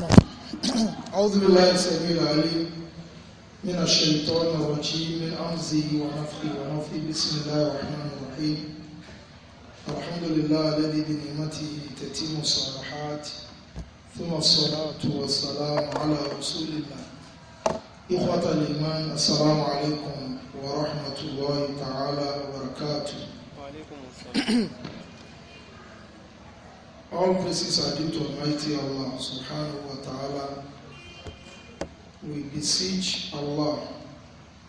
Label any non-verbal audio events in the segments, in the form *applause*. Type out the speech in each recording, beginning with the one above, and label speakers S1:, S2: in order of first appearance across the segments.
S1: نعم. أعوذ بالله السميع العليم من الشيطان الرجيم من أمزه ونفخه ونفخه بسم الله الرحمن الرحيم الحمد لله الذي بنعمته تتم الصالحات ثم الصلاة والسلام على رسول الله إخوة الإيمان السلام عليكم ورحمة الله تعالى وبركاته وعليكم السلام All praises are due to Almighty Allah subhanahu ta'ala, we beseech Allah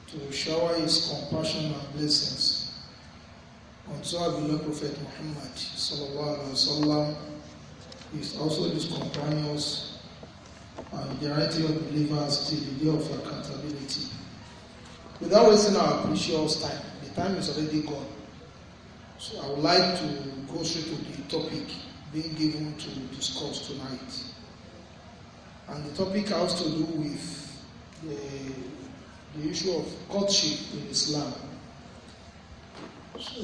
S1: to shower His compassion and blessings on Sahabullah, Prophet Muhammad sallallahu alaihi wasallam, is also his companions and the variety of believers till the day of accountability. Without wasting our precious time, the time is already gone. So I would like to go straight to the topic being given to discuss tonight. And the topic has to do with the, the issue of courtship in Islam.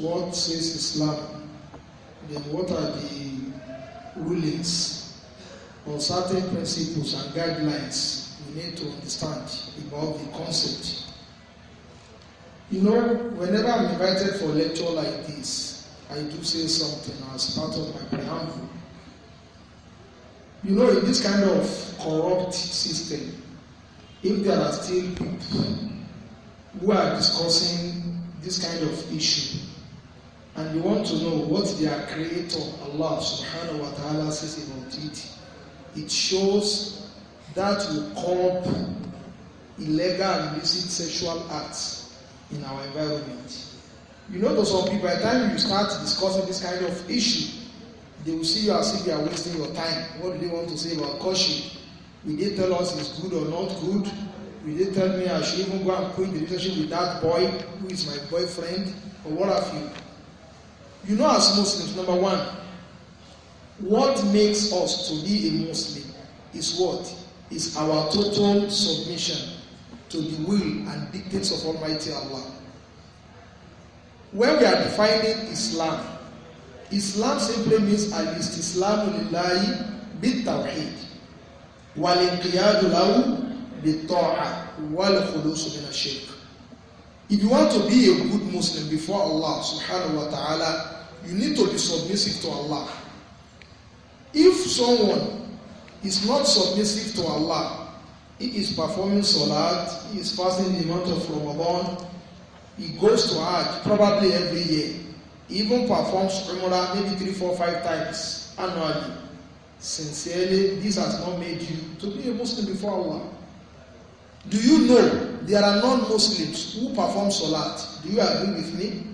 S1: what says Islam? Then what are the rulings or certain principles and guidelines we need to understand about the concept? You know, whenever I'm invited for a lecture like this, I do say something as part of my preamble
S2: you know, in this kind of
S1: corrupt system, if there are still people who are discussing this kind of issue, and you want to know what their creator, Allah subhanahu wa ta'ala, says about it, it shows that will curb illegal and illicit sexual acts in our environment. You know, those some people, by the time you start discussing this kind of issue, they will see you as if you are wasting your time. What do they want to say about caution? Will they tell us it's good or not good? Will they tell me I should even go and quit the relationship with that boy who is my boyfriend? Or what have you? You know, as Muslims, number one, what makes us to be a Muslim is what? Is our total submission to the will and dictates of Almighty Allah. When we are defining Islam, Islam simply means al-istislamu lillahi bit-tawhid wal-inqiyadu lahu bit-ta'a wal-khulusu min ash-shirk. If you want to be a good Muslim before Allah subhanahu wa ta'ala, you need to be submissive to Allah. If someone is not submissive to Allah, he is performing salat, he is fasting the month of Ramadan, he goes to Hajj probably every year even performs umrah maybe three, four, five times annually, sincerely, this has not made you to be a Muslim before Allah. Do you know there are non-Muslims who perform salat? Do you agree with me?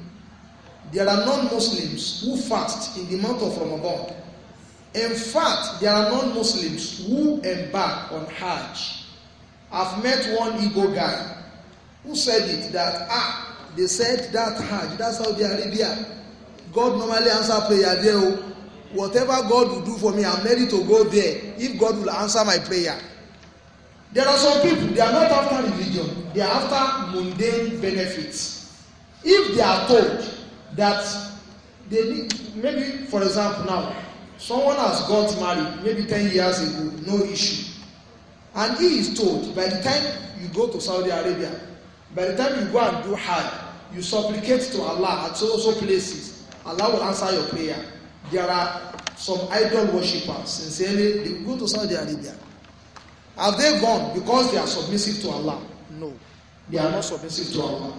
S1: There are non-Muslims who fast in the month of Ramadan. In fact, there are non-Muslims who embark on Hajj. I've met one ego guy who said it that ah, they said that Hajj, that's Saudi Arabia. God normally answer prayer there. Oh. Whatever God will do for me, I'm ready to go there. If God will answer my prayer.
S2: There are some people, they are not after
S1: religion, they are after mundane benefits. If they are told that they need, maybe, for example, now, someone has got married maybe 10 years ago, no issue. And he is told by the time you go to Saudi Arabia, by the time you go and do Hajj, you supplicate to Allah at so so places. Allah will answer your prayer. There are some idol worshippers, sincerely, they go to Saudi Arabia. Have they gone because they are submissive to Allah? No, they are not submissive to Allah.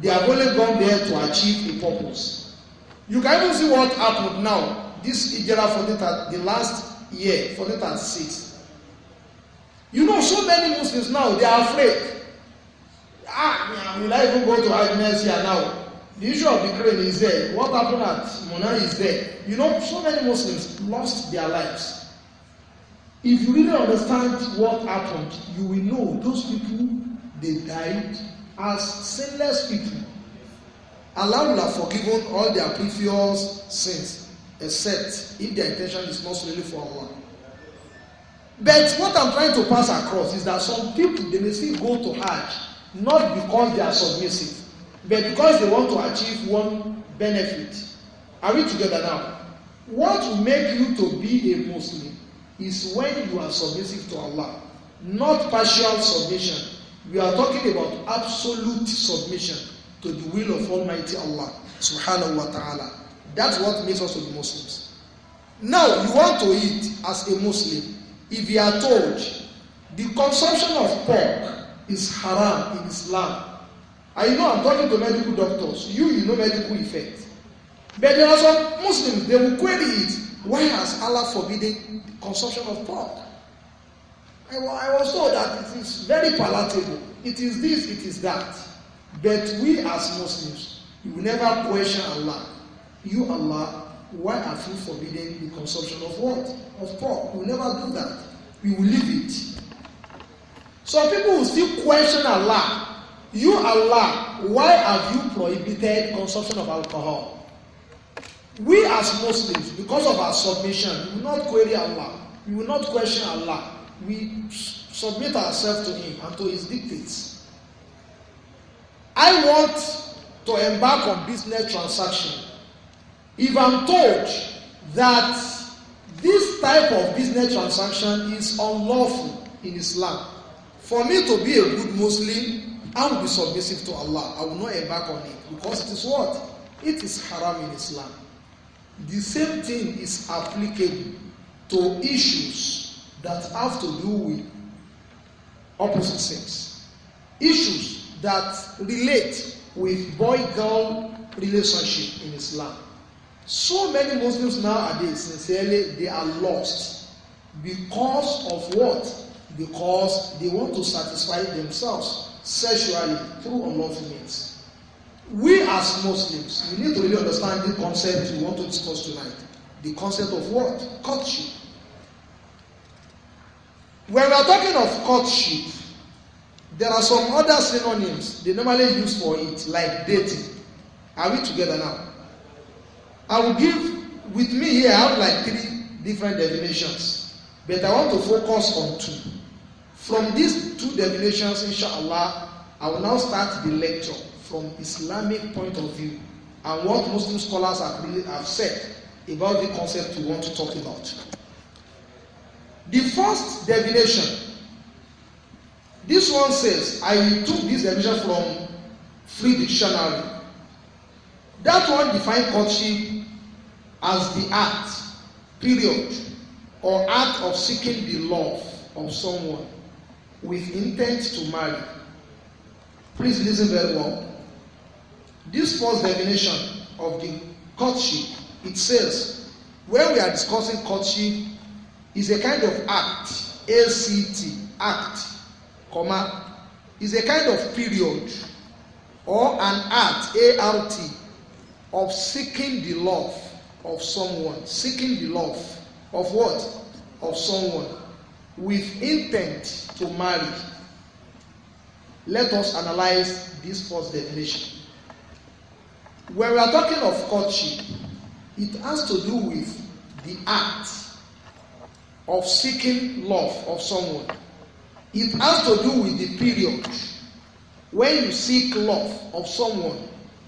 S2: They have only gone there to
S1: achieve a purpose. You can even see what happened now. This Ijera for the, last year, for the six. You know, so many Muslims now, they are afraid. Ah, will I even go to Hajj next year now? The issue of the crane is there. What happened at Mona is there. You know, so many Muslims lost their lives. If you really understand what happened, you will know those people, they died as sinless people. Allah will have forgiven all their previous sins, except if their intention is not solely for Allah. But what I'm trying to pass across is that some people, they may still go to Hajj, not because they are submissive But because they want to achieve one benefit, are we together now? What will make you to be a Muslim is when you are submissive to Allah, not partial submission. We are talking about absolute submission to the will of Almighty Allah, subhanahu wa ta'ala. That's what makes us to be Muslims. Now, you want to eat as a Muslim, if you are told the consumption of pork is haram in Islam, And you know, I'm talking to medical doctors. You, you know medical effect. But there are some Muslims, they will query it. Why has Allah forbidden consumption of pork? I, I was told that it is very palatable. It is this, it is that. But we as Muslims, you will never question Allah. You, Allah, why have you forbidden the consumption of what? Of pork. We will never do that. We will leave it. Some people will still question Allah You Allah, why have you prohibited consumption of alcohol? We as Muslims, because of our submission, we will not query Allah, we will not question Allah, we submit ourselves to Him and to His dictates. I want to embark on business transaction. If I'm told that this type of business transaction is unlawful in Islam, for me to be a good Muslim, I will be submissive to Allah. I will not embark on it because it is what? It is haram in Islam. The same thing is applicable to issues that have to do with opposite sex, issues that relate with boy girl relationship in Islam. So many Muslims nowadays, sincerely, they are lost because of what? Because they want to satisfy themselves sexually through unlawful means. We as Muslims, we need to really understand the concept we want to discuss tonight. The concept of what? Courtship. When we are talking of courtship, there are some other synonyms they normally use for it, like dating. Are we together now? I will give, with me here, I have like three different definitions, but I want to focus on two. From these two definitions, inshallah, I will now start the lecture from Islamic point of view and what Muslim scholars have, really have said about the concept we want to talk about. The first definition, this one says, I took this definition from Free Dictionary. That one defines courtship as the act, period, or act of seeking the love of someone with intent to marry. Please listen very well. This first definition of the courtship, it says, when we are discussing courtship, is a kind of act, ACT, act, comma, is a kind of period or an act, ART, of seeking the love of someone, seeking the love of what? Of someone with intent to marry. Let us analyze this first definition. When we are talking of courtship, it has to do with the act of seeking love of someone. It has to do with the period when you seek love of someone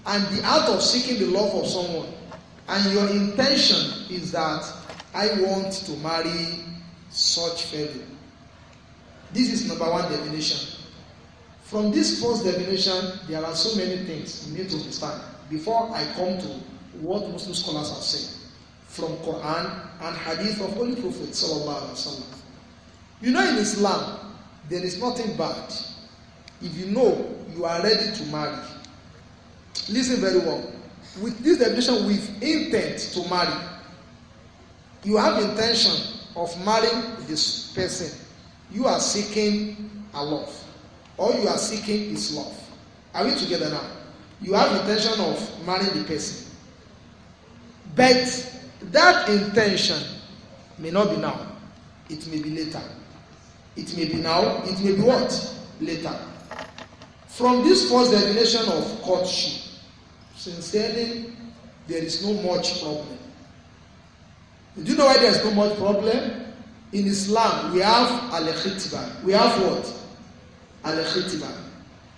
S1: and the act of seeking the love of someone and your intention is that I want to marry such fellow. This is number one definition. From this first definition, there are so many things you need to understand before I come to what Muslim scholars have said from Quran and Hadith of Holy Prophet You know, in Islam, there is nothing bad if you know you are ready to marry. Listen very well. With this definition, with intent to marry, you have intention of marrying this person, you are seeking a love, or you are seeking is love. Are we together now? You have intention of marrying the person, but that intention may not be now. It may be later. It may be now. It may be what later. From this first definition of courtship, sincerely, there is no much problem Do you know why there's no much problem? In Islam, we have al-khitba. We have what? al Khitiba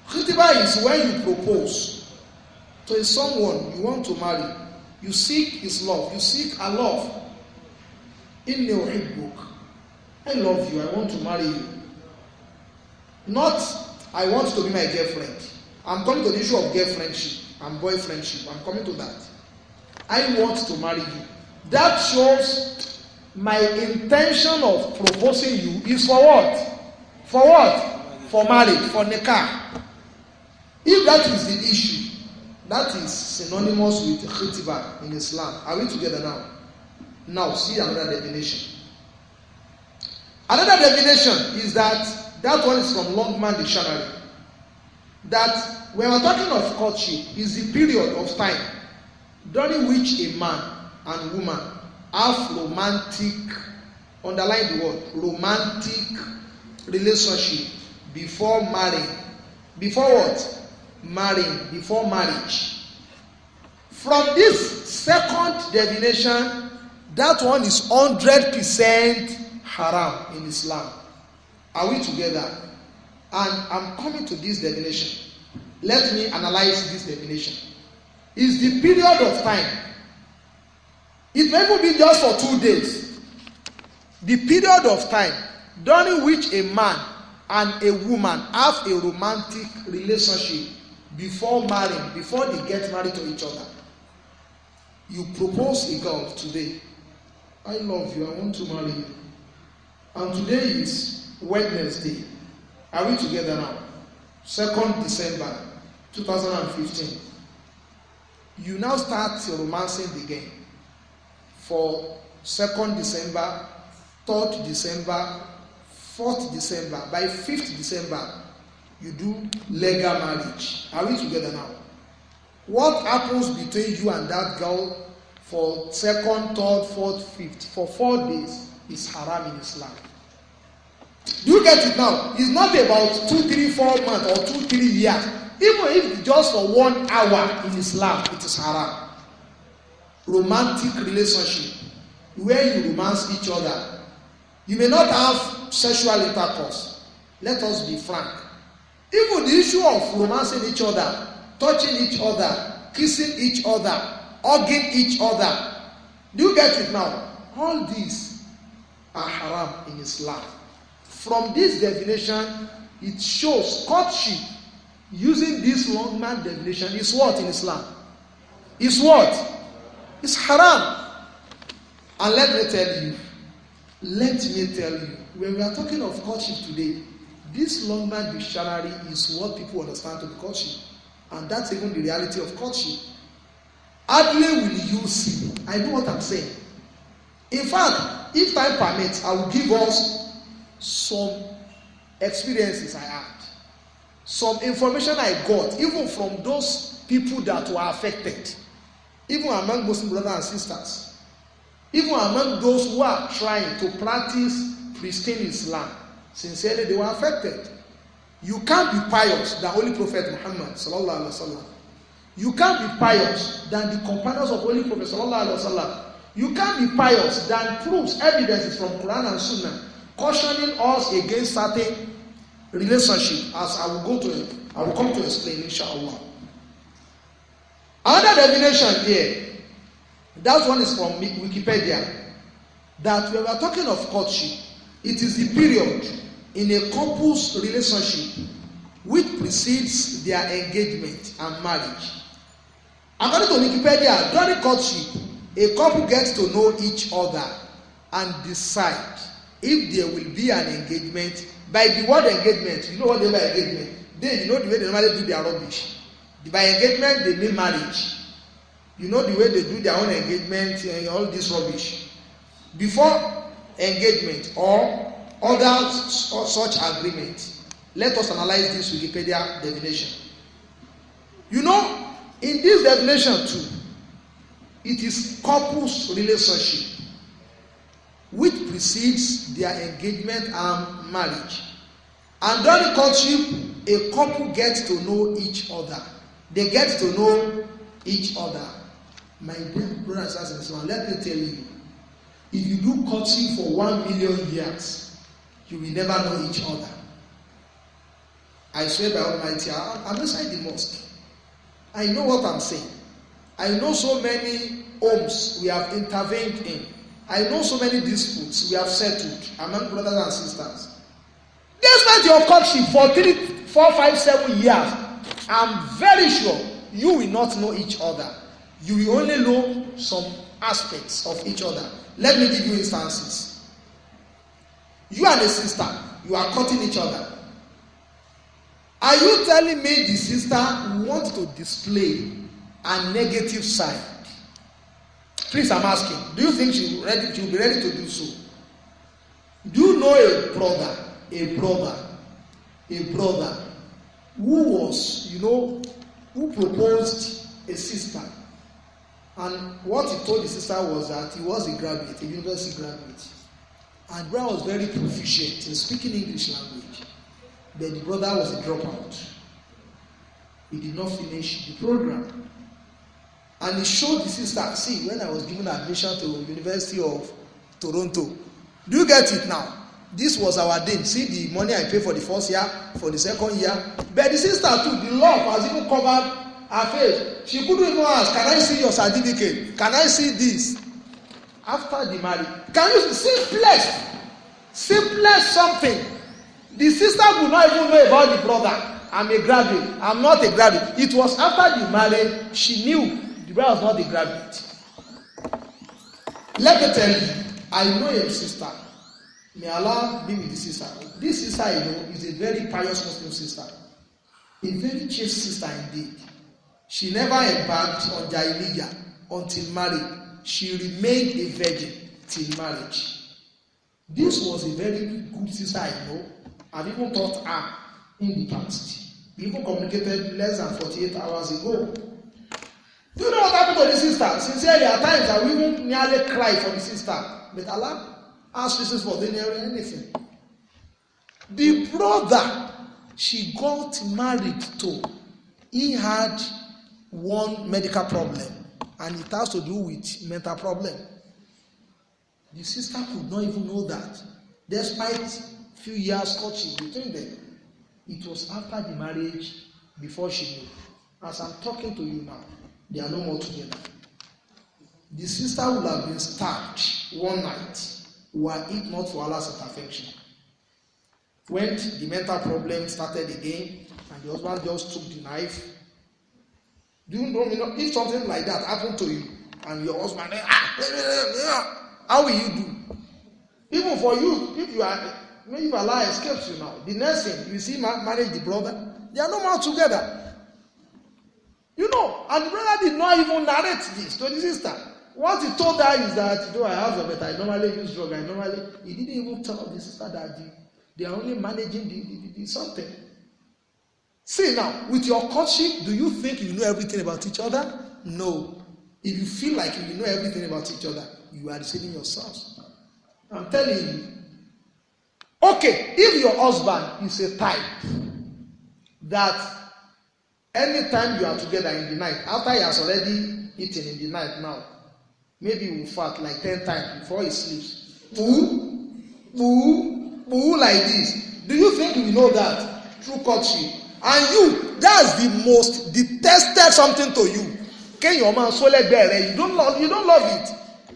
S1: Khitba is when you propose to someone you want to marry. You seek his love. You seek a love. In the book, I love you. I want to marry you. Not, I want to be my girlfriend. I'm coming to the issue of girlfriendship and boyfriendship. I'm coming to that. I want to marry you. That shows my intention of proposing you is for what? For what? For marriage, for nikah. If that is the issue, that is synonymous with khitiba in Islam. Are we together now? Now, see another definition. Another definition is that that one is from Longman Dictionary. That when we're talking of courtship, is the period of time during which a man and woman have romantic underline the word romantic relationship before marrying before what marrying before marriage from this second definition that one is hundred percent haram in islam are we together and i'm coming to this definition let me analyse this definition is the period of time it may even be just for two days. The period of time during which a man and a woman have a romantic relationship before marrying, before they get married to each other. You propose a girl today. I love you, I want to marry you. And today is Wednesday. Are we together now? 2nd December 2015. You now start romancing the game for 2nd December, 3rd December, 4th December. By 5th December, you do legal marriage. Are we together now? What happens between you and that girl for 2nd, 3rd, 4th, 5th, for 4 days is haram in Islam. Do you get it now? It's not about 2, 3, 4 months or 2, 3 years. Even if just for one hour in Islam, it is haram. romantic relationship where you romance each other you may not have sexual intercourse let us be frank even the issue of romancing each other touching each other kissing each other hugging each other do you get it now all these are haram in islam from this definition it shows courtship using this long man definition is what in islam is what It's haram. And let me tell you, let me tell you, when we are talking of courtship today, this Longman dictionary is what people understand to be courtship. And that's even the reality of courtship. Hardly will you see. I know what I'm saying. In fact, if time permits, I will give us some experiences I had, some information I got, even from those people that were affected even among Muslim brothers and sisters, even among those who are trying to practice pristine Islam, sincerely they were affected. You can't be pious than Holy Prophet Muhammad. You can't be pious than the companions of Holy Prophet. You can't be pious than proofs, evidences from Quran and Sunnah, cautioning us against certain relationship, as I will go to I will come to explain, inshallah. Another definition here. that one is from Wikipedia, that when we are talking of courtship, it is the period in a couple's relationship which precedes their engagement and marriage. According to Wikipedia, during courtship, a couple gets to know each other and decide if there will be an engagement. By the word engagement, you know what they mean by engagement. They, you know the way they normally do their rubbish by engagement they mean marriage you know the way they do their own engagement and all this rubbish before engagement or other such agreement let us analyze this wikipedia definition you know in this definition too it is couples relationship which precedes their engagement and marriage and during courtship a couple gets to know each other They get to know each other. My dear brothers and sisters, let me tell you, if you do courtship for one million years, you will never know each other. I swear by Almighty, I'm inside the mosque. I know what I'm saying. I know so many homes we have intervened in. I know so many disputes we have settled among brothers and sisters. Despite your courtship for three, four, five, seven years, I'm very sure you will not know each other. You will only know some aspects of each other. Let me give you instances. You and a sister, you are cutting each other. Are you telling me the sister wants to display a negative side? Please, I'm asking. Do you think she ready? She will be ready to do so. Do you know a brother? A brother. A brother who was, you know, who proposed a sister. And what he told his sister was that he was a graduate, a university graduate. And brother was very proficient in speaking English language. But the brother was a dropout. He did not finish the program. And he showed the sister, see, when I was given admission to University of Toronto. Do you get it now? this was our deal see the money i pay for the first year for the second year but the sister too the love has even covered her face she couldn't even ask can i see your certificate can i see this after the marriage can you see? simplest simplest something the sister could not even know about the brother i'm a graduate i'm not a graduate it was after the marriage she knew the brother was not a graduate let me tell you i know your sister May Allah be with this sister. This sister, you know, is a very pious Muslim sister. A very chaste sister indeed. She never embarked on Jahiliyyah until marriage. She remained a virgin till marriage. This was a very good sister, you know. I've even taught her in the past. We even communicated less than 48 hours ago. Do you know what happened to the sister? Sincerely, at times I will even nearly cry for the sister. But Allah ask reasons for denial or anything. The brother she got married to, he had one medical problem and it has to do with mental problem. The sister could not even know that, despite few years courtship between them. It was after the marriage before she knew. As I'm talking to you now, they are no more together. The sister would have been stabbed one night were it not for Allah's intervention. When the mental problem started again, and the husband just took the knife, do you know, you know if something like that happened to you and your husband, ah, eh, eh, eh, ah how will you do? Even for you, if you are, maybe Allah escapes you now. The next thing, you see, marriage the brother, they are no more together. You know, and the brother did not even narrate this to the sister. What he told her is that, though I have a better, I normally use drug, I normally, he didn't even tell the sister that the, they are only managing the, the, the, the something. See now, with your courtship, do you think you know everything about each other? No. If you feel like you know everything about each other, you are deceiving yourselves. I'm telling you. Okay, if your husband is a type that anytime you are together in the night, after he has already eaten in the night now, Maybe he will fart like ten times before he sleeps. Poo, poo, poo like this. Do you think we know that? Through courtship. And you, that's the most detested something to you. Can your man so let there? You don't love, you don't love it.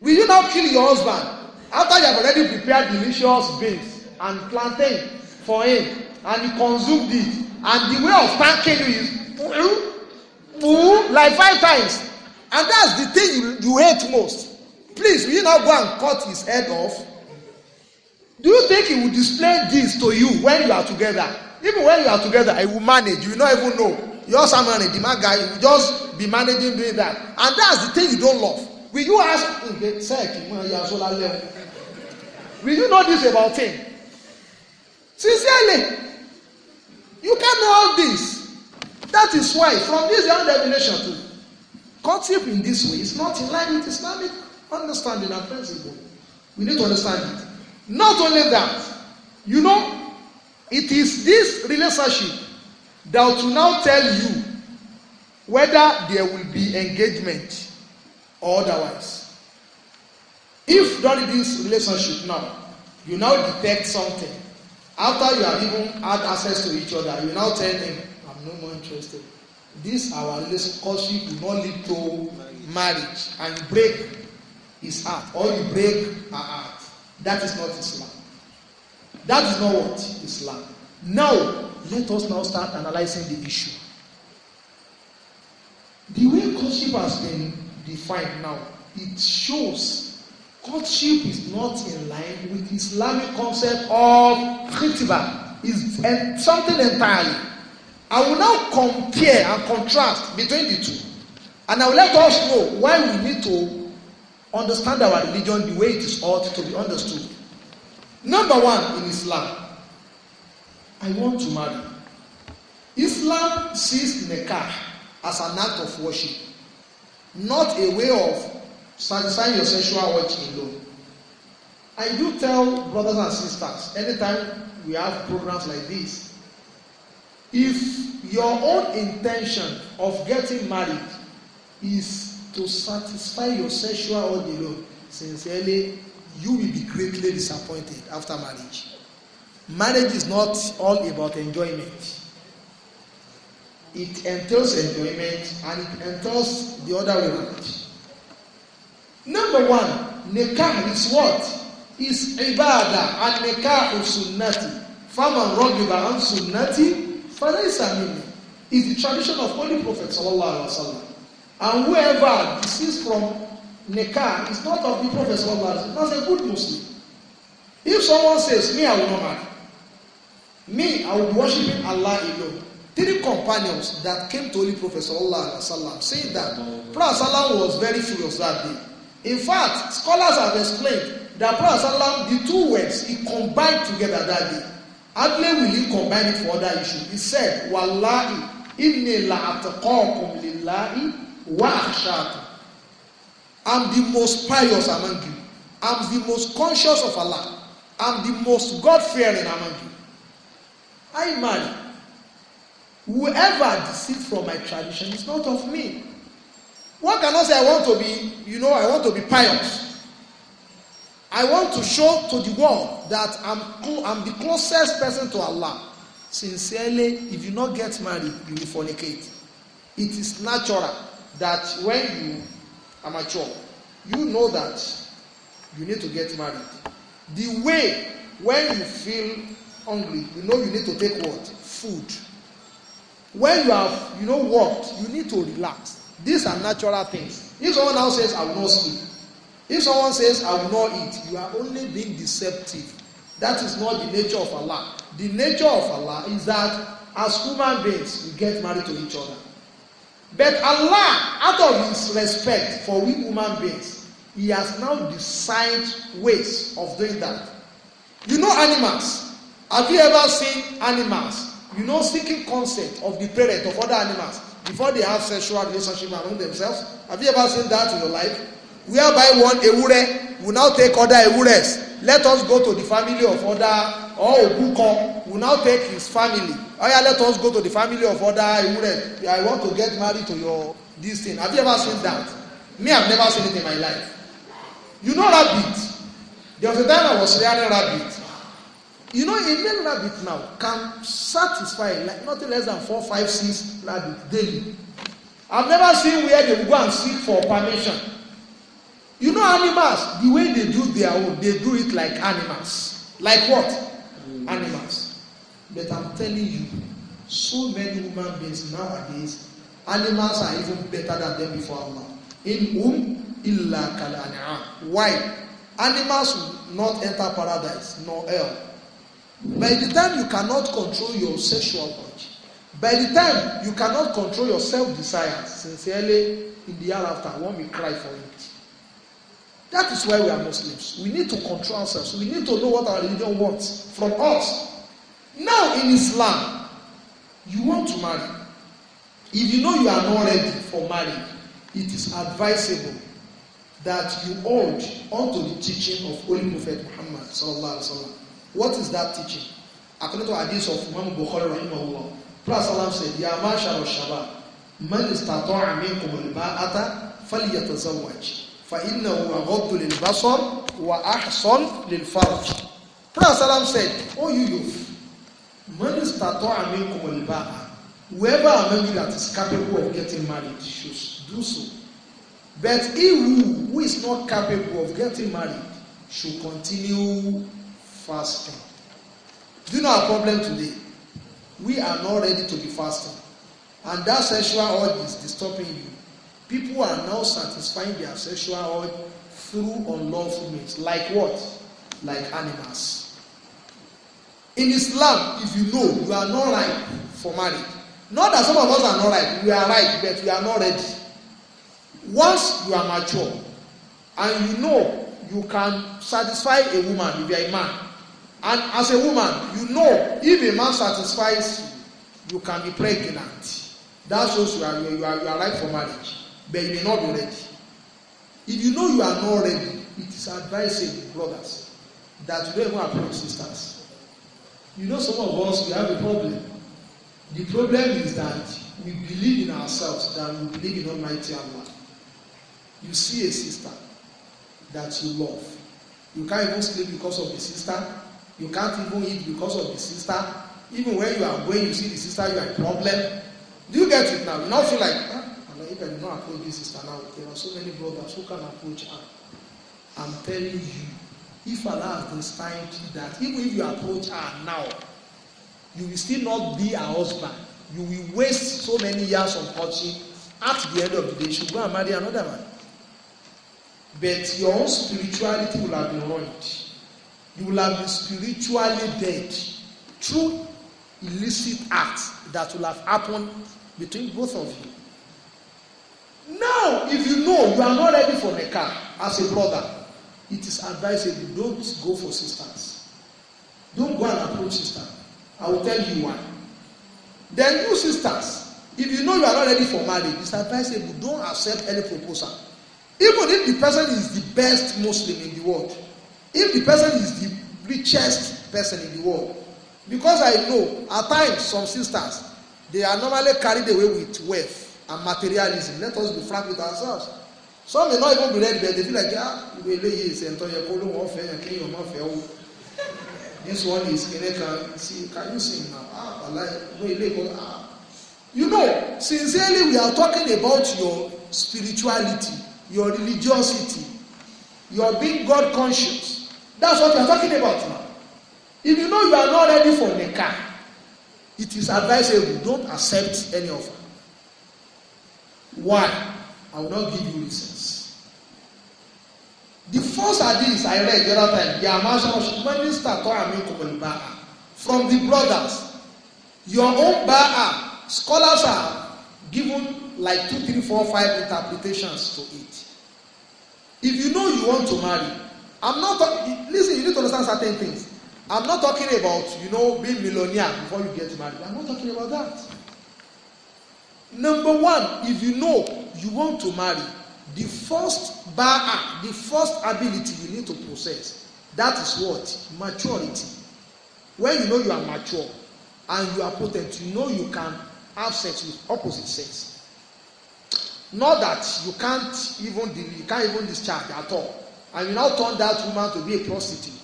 S1: Will you now kill your husband after you have already prepared delicious beans and plantain for him and he consumed it and the way of thanking you is poo, poo like five times And that's the thing you, you hate most. Please, will you now go and cut his head off? Do you think he will display this to you when you are together? Even when you are together, he will manage. You will not even know. You're some manage. The man guy you will just be managing doing that. And that's the thing you don't love. Will you ask, will you know this about him? Sincerely, you can know all this. That is why, from this young generation too. Courtship in this way is not in line with Islamic understanding and principle. We need to understand it. Not only that, you know, it is this relationship that will now tell you whether there will be engagement or otherwise. If during this relationship now, you now detect something, after you have even had access to each other, you now tell him, I'm no more interested. this our relationship will not lead to marriage and break his heart or you break her heart that is not islam that is not what islam now let us now start analyzing the issue the way courtship has been defined now it shows courtship is not in line with islamic concept of khitba it's something entirely I will now compare and contrast between the two. And I will let us know why we need to understand our religion the way it is ought to be understood. Number one in Islam, I want to marry. Islam sees nikah as an act of worship, not a way of satisfying your sexual urge alone. I do tell brothers and sisters anytime we have programs like this if your own intention of getting married is to satisfy your sexual all alone sincerely you will be greatly disappointed after marriage marriage is not all about enjoyment it entails enjoyment and it entails the other way around number one nikah is what is ibadah and nikah is sunnati faman rogiba an sunnati فليس مني is the tradition of holy prophet sallallahu alaihi wasallam and whoever deceased from nikah is not of the prophet sallallahu alaihi wasallam that's a good muslim if someone says me i will not marry me i will be worshiping allah alone three companions that came to holy prophet sallallahu alaihi wasallam saying that prophet sallallahu was very furious that day in fact scholars have explained that prophet sallallahu the two words he combined together that day Adlai will he combine it for other issues. He said, Wallahi, inni la'ataqakum lillahi wa akhshakum. I'm the most pious among you. I'm the most conscious of Allah. I'm the most God-fearing among you. I marry. Whoever deceived from my tradition is not of me. One cannot say, I want to be, you know, I want to be pious. I want to show to the world that I'm, cl- I'm the closest person to Allah. Sincerely, if you not get married, you will fornicate. It is natural that when you are mature, you know that you need to get married. The way when you feel hungry, you know you need to take what? Food. When you have, you know, worked, you need to relax. These are natural things. If someone now says, I will not sleep, If someone says, I will not eat, you are only being deceptive. That is not the nature of Allah. The nature of Allah is that as human beings, we get married to each other. But Allah, out of His respect for we human beings, He has now designed ways of doing that. You know animals. Have you ever seen animals? You know seeking consent of the parent of other animals before they have sexual relationship among themselves. Have you ever seen that in your life? whereby one ewúrẹ́ will now take other ewúrẹ́s let us go to the family of other or ogunkan will now take his family oya let us go to the family of other ewúrẹ́ I want to get married to your this thing have you ever seen that me I've never seen it in my life you know rabbit
S2: there was a time I was rearing rabbit
S1: you know a male rabbit now can satisfy like nothing less than four five six rabbits daily I've never seen where they go and seek for permission You know, animals, the way they do their own, they do it like animals. Like what? Mm. Animals. But I'm telling you, so many human beings nowadays, animals are even better than them before Allah. In whom illa kalani'am. Why? Animals will not enter paradise nor hell. By the time you cannot control your sexual urge, by the time you cannot control your self desire, sincerely, in the hereafter, one will cry for you. That is why we are Muslims. We need to control ourselves. We need to know what our religion wants from us. Now, in Islam, you want to marry. If you know you are not ready for marriage, it is advisable that you hold onto the teaching of Holy Prophet Muhammad. What is that teaching? According to hadith of Imam Bukhari, rahimahullah, Prophet said, Ya Mashar Shabab, Man istata'a minkum al-ba'ata فإنه أغض للبصر وأحصن للفرج Prophet Salam said, O oh, you youth, man is tatoa minkum al-ba'a. Whoever among you that is capable of getting married should do so. But he who, who is not capable of getting married should continue fasting. Do you know our problem today? We are not ready to be fasting. And that sexual urge is disturbing you People are now satisfying their sexual urge through unlawful means. Like what? Like animals. In Islam, if you know, you are not right for marriage. Not that some of us are not right; We are right, but we are not ready. Once you are mature and you know you can satisfy a woman if you are a man, and as a woman, you know if a man satisfies you, you can be pregnant. That shows you are, you are, you are for marriage. but you may not be ready. If you know you are not ready, it is advisable, brothers, that you don't even approach sisters. You know, some of us we have a problem. The problem is that we believe in ourselves than we believe in Almighty Allah. You see a sister that you love. You can't even sleep because of the sister. You can't even eat because of the sister. Even when you are going, you see the sister, you are a problem. Do you get it now? You now feel like, if I do not approach this sister now, there are so many brothers who can approach her. I'm telling you, if Allah has destined that, even if you approach her now, you will still not be her husband. You will waste so many years on courtship. At the end of the day, she will go and marry another man. But your own spirituality will have been ruined. You will have been spiritually dead through illicit acts that will have happened between both of you. Now, if you know you are not ready for Nikah as a brother, it is advisable don't go for sisters. Don't go and approach sister. I will tell you why. Then you sisters, if you know you are not ready for marriage, it's advisable don't accept any proposal. Even if the person is the best Muslim in the world, if the person is the richest person in the world, because I know at times some sisters they are normally carried away with wealth and materialism let us be frank with ourselves some may not even be ready but they feel like ah ìwé eléyìí ìṣẹ̀ntọ́ yẹ kó lóun ọ̀fẹ́ yẹn kéèyàn má fẹ́ o this one is kìnìún kan see can you see now ah wàhálà ìwé ah you know sincerely we are talking about your spirituality your religiosity your being God conscious that's what we are talking about now if you know you are not ready for the car, it is advisable don't accept any offer Why? I will not give you reasons. The first hadith I read the other time, the Amazon minister Toramin Kumulbaha, from the brothers, your own Ba'a, scholars are given like two, three, four, five interpretations to it. If you know you want to marry, I'm not talking, listen, you need to understand certain things. I'm not talking about, you know, being millionaire before you get married. I'm not talking about that. Number one, if you know you want to marry, the first bar, the first ability you need to possess, that is what? Maturity. When you know you are mature and you are potent, you know you can have sex with opposite sex. Not that you can't even you can't even discharge at all, and you now turn that woman to be a prostitute.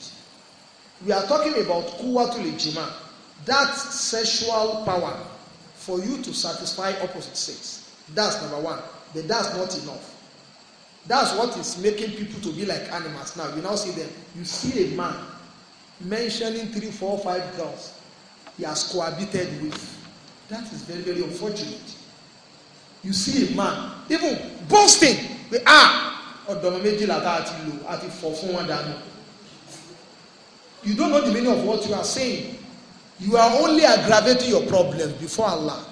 S1: We are talking about kuwatul jima, that sexual power for you to satisfy opposite sex. That's number one. But that's not enough. That's what is making people to be like animals now. You now see them. You see a man mentioning three, four, five girls he has cohabited with. That is very, very unfortunate. You see a man even boasting pé ah ọ̀dọ̀mọ méjìlá tá a lò a ti fún wọn dànù. You don't know the meaning of what you are saying you are only aggravating your problems before Allah.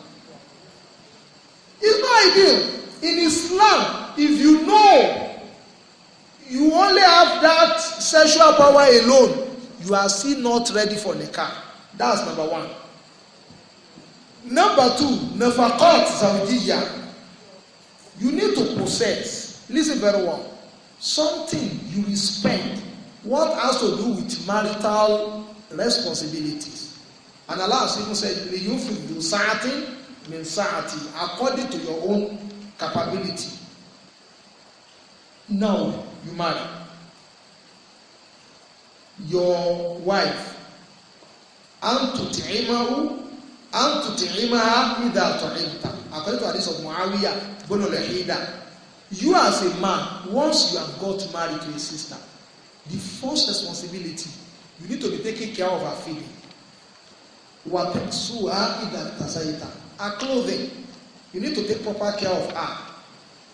S1: It's not ideal. In Islam, if you know you only have that sexual power alone, you are still not ready for nikah. That's number one. Number two, nafaqat zawjiyya. You need to possess. Listen very well. Something you respect. What has to do with marital responsibilities? And Allah even said, May you do something means sa'ati according to your own capability. Now you marry. Your wife. أن تطعمه أن تطعمها إذا طعمت. According to Hadith of Muawiyah, Bono Lehida. You as a man, once you have got married to a sister, the first responsibility, you need to be taking care of her feelings. وَتَكْسُوهَا إِذَا تَسَيْتَ Our clothing, you need to take proper care of her.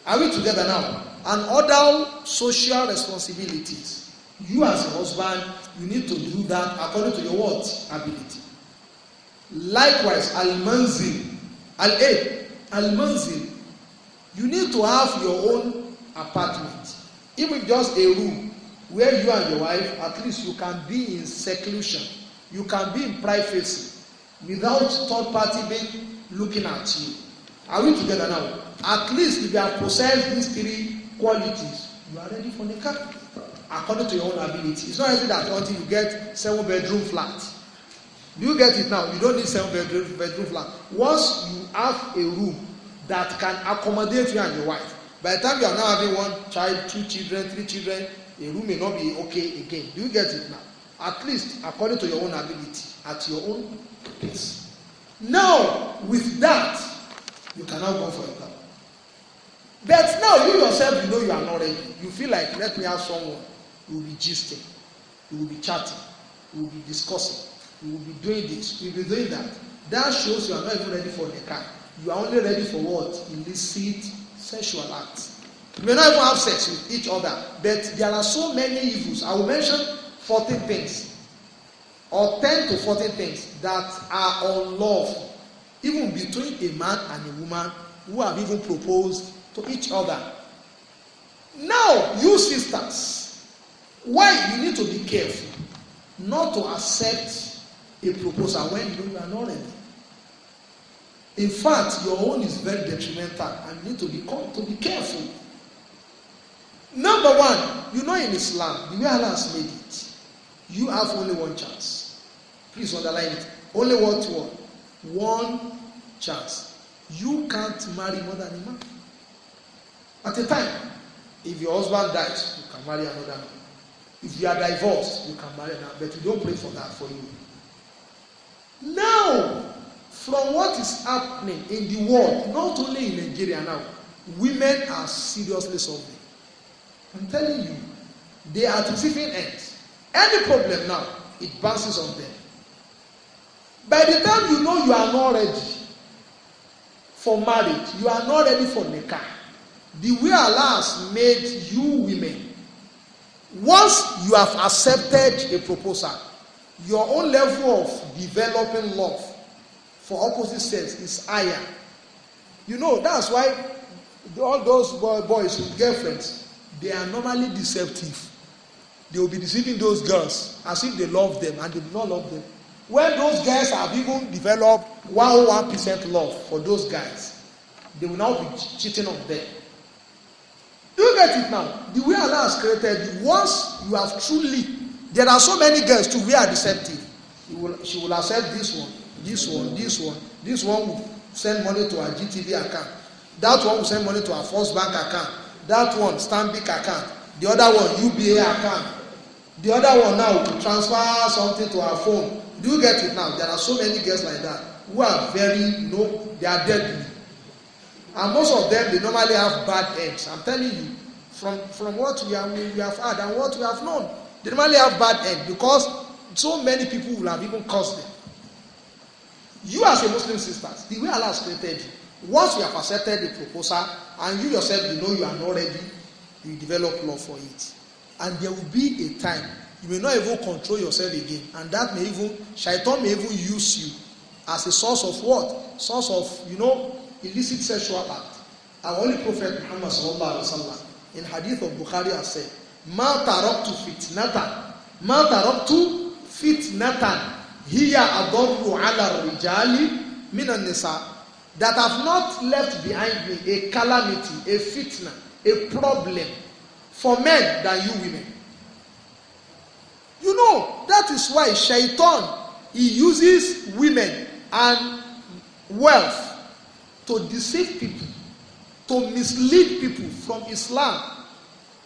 S1: Are we together now? And other social responsibilities. You as a husband, you need to do that according to your what? Ability. Likewise, al al a, al You need to have your own apartment. Even just a room where you and your wife, at least you can be in seclusion. You can be in privacy without third party being looking at you. Are we together now? At least if you have possessed these three qualities, you are ready for the car. according to your own ability. It's not easy that until you get seven bedroom flat. You get it now. You don't need seven bedroom, bedroom flat. Once you have a room that can accommodate you and your wife, by the time you are now having one child, two children, three children, a room may not be okay again. Do you get it now? At least according to your own ability. at your own pace. Now, with that, you cannot go for example. But now you yourself, you know you are not ready. You feel like, let me have someone. You will be gisting. You will be chatting. You will be discussing. You will be doing this. You will be doing that. That shows you are not even ready for the car. You are only ready for what? Illicit sexual acts. You may not even have sex with each other. But there are so many evils. I will mention 14 things or 10 to 14 things that are unlawful, even between a man and a woman who have even proposed to each other. Now, you sisters, why you need to be careful not to accept a proposal when you are not ready. In fact, your own is very detrimental and you need to be, to be careful. Number one, you know in Islam, the way Allah has made it, you have only one chance. Please underline it. Only one to one. One chance. You can't marry more than a man. At a time, if your husband dies, you can marry another man. If you are divorced, you can marry another, but you don't pray for that for you. Now, from what is happening in the world, not only in Nigeria now, women are seriously suffering. I'm telling you, they are to receiving ends. Any problem now, it bounces on them. by the time you know you are not ready for marriage you are not ready for nika. the way Allah made you women once you have accepted a proposal your own level of developing love for opposite sex is higher you know that's why all those boy, boys with girlfriends they are normally deceptive they will be deceiving those girls as if they love them and they do not love them when those girls have even developed one one percent love for those guys they will now be cheating on them do you get it now the way allah has created you once you have truly there are so many girls too we are deceptive you will she will accept this one this one this one this one will send money to her gtv account that one will send money to her first bank account that one stanbic account the other one uba account the other one now will transfer something to her phone Do you get it now? There are so many girls like that who are very no, they are deadly. And most of them, they normally have bad eggs. I'm telling you, from, from what we, are, we, have had and what we have known, they normally have bad eggs because so many people will have even caused them. You as a Muslim sister, the way Allah has created you, once you have accepted the proposal and you yourself you know you are not ready, you develop love for it. And there will be a time you may not even control yourself again and that may even shaitan may even use you as a source of what source of you know illicit sexual act our holy prophet muhammad sallallahu alaihi wasallam in hadith of bukhari has said ma taraktu fitnatan ma taraktu fitnatan hiya adoru ala rijali mina nisa that have not left behind me a calamity a fitna a problem for men than you women You know, that is why Shaitan, he uses women and wealth to deceive people, to mislead people from Islam.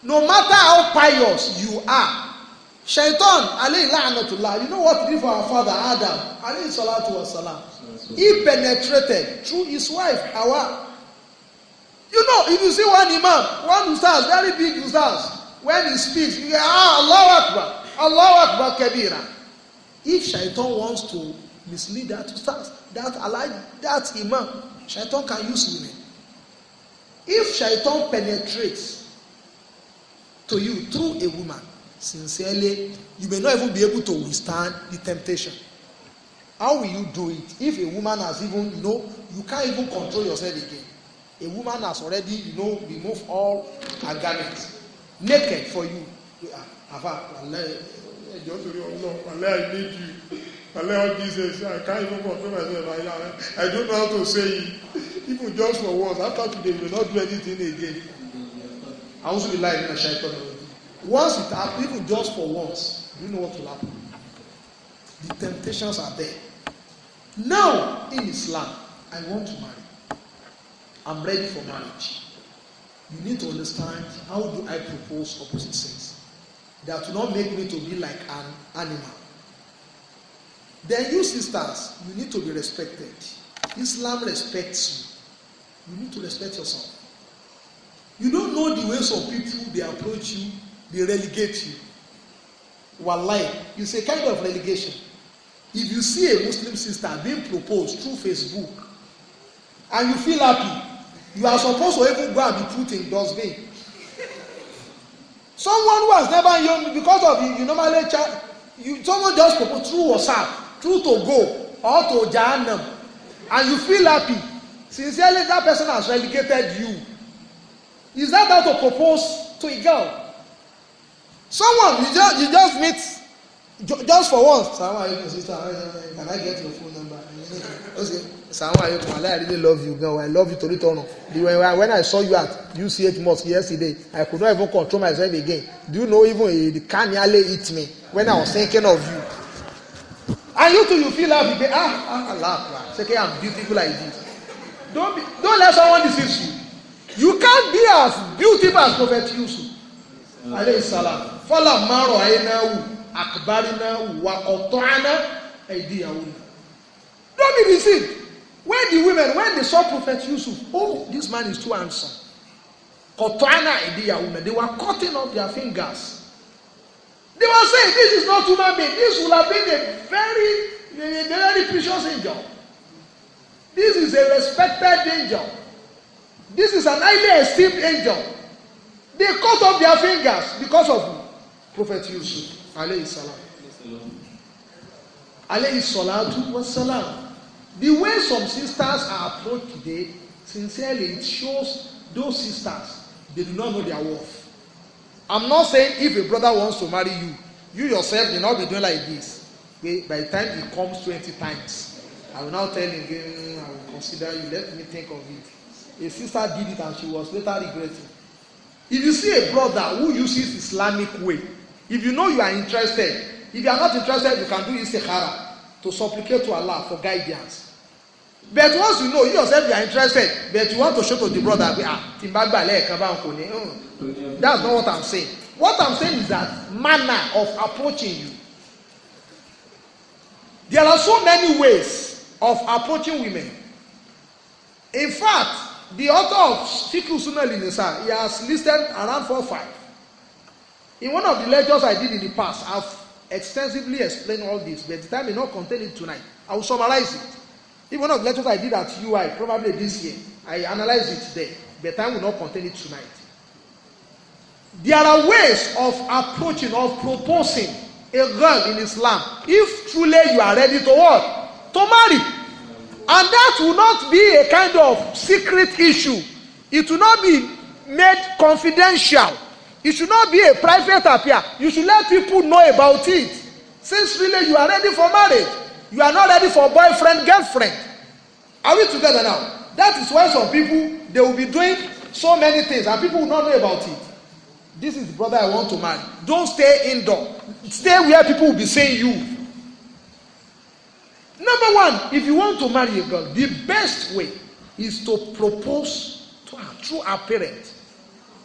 S1: No matter how pious you are, Shaitan, alayhi la'anatullah, you know what he did for our father Adam, alayhi salatu He penetrated through his wife, Hawa. You know, if you see one imam, one ustaz, very big ustaz, when he speaks, you get ah, Allah Akbar. Allahu Akbar kabira. If shaitan wants to mislead that ustaz, that alai, that imam, shaitan can use women. If shaitan penetrates to you through a woman, sincerely, you may not even be able to withstand the temptation. How will you do it if a woman has even, you know, you can't even control yourself again? A woman has already, you know, removed all her garments, naked for you pé ah, àfà àlẹ́ ẹjọ́ torí ọlọ́ àlẹ́ I need you àlẹ́ all Jesus I can't even confirm myself now. I don't know how to say it even just for words after today you will not do anything again I to be lying in a shy corner once it happen even just for once you know what will happen the temptations are there now in Islam I want to marry I'm ready for marriage you need to understand how do I propose opposite sex that will not make me to be like an animal. Then you sisters, you need to be respected. Islam respects you. You need to respect yourself. You don't know the ways of people, they approach you, they relegate you. Wallahi, it's a kind of relegation. If you see a Muslim sister being proposed through Facebook and you feel happy, you are supposed to even go and be put in dustbin someone who has never known because of you you normally chat you someone just propose through whatsapp through to go or to jahannam and you feel happy sincerely that person has relegated you is that how to propose to a girl someone you just you just meet just for once salaam alaikum sister can i get your phone number okay Assalamu alaikum I really love you gan I love you torí tọrùn when, when I saw you at UCH mosque yesterday I could not even control myself again do you know even a, the car nearly hit me when I was thinking of you and you too you feel happy pe ah, ah ah laugh, akbar say okay I'm beautiful like this don't be don't let someone deceive you you can't be as beautiful as Prophet Yusuf alayhi salam fọlá márùn ayénáwó àkàbárí náà wà ọ̀tọ̀ àná ẹ̀dínyàwó náà don't be deceived. When the women, when they saw Prophet Yusuf, oh, this man is too handsome. Kotana Idia women, they were cutting off their fingers. They were saying, This is not human being. This would have been a very, a very precious angel. This is a respected angel. This is an highly esteemed angel. They cut off their fingers because of Prophet Yusuf. Alayhi salam. Alayhi salatu salam. The way some sisters are approached today, sincerely, it shows those sisters they do not know their worth. I'm not saying if a brother wants to marry you, you yourself may not be doing like this. By the time he comes twenty times, I will now tell him again, I will consider you, let me think of it. A sister did it and she was later regretting. If you see a brother who uses Islamic way, if you know you are interested, if you are not interested, you can do istikhara to supplicate to Allah for guidance but once you know you yourself you are interested but you want to show to the brother pé ah tí n bá gbà kò ní hmm. that's not what i'm saying what i'm saying is that manner of approaching you there are so many ways of approaching women in fact the author of fiqh sunnah linisa he has listed around four five in one of the lectures i did in the past i've extensively explained all this but the time may not contain it tonight i will summarize it Even one of the lectures I did at UI, probably this year, I analyzed it today. but time will not contain it tonight. There are ways of approaching, of proposing a girl in Islam if truly you are ready to what? To marry. And that will not be a kind of secret issue. It will not be made confidential. It should not be a private affair. You should let people know about it. Since really you are ready for marriage. You are not ready for boyfriend, girlfriend. Are we together now? That is why some people they will be doing so many things and people will not know about it. This is the brother I want to marry. Don't stay indoor. Stay where people will be saying you. Number one, if you want to marry a girl, the best way is to propose to her through her parent,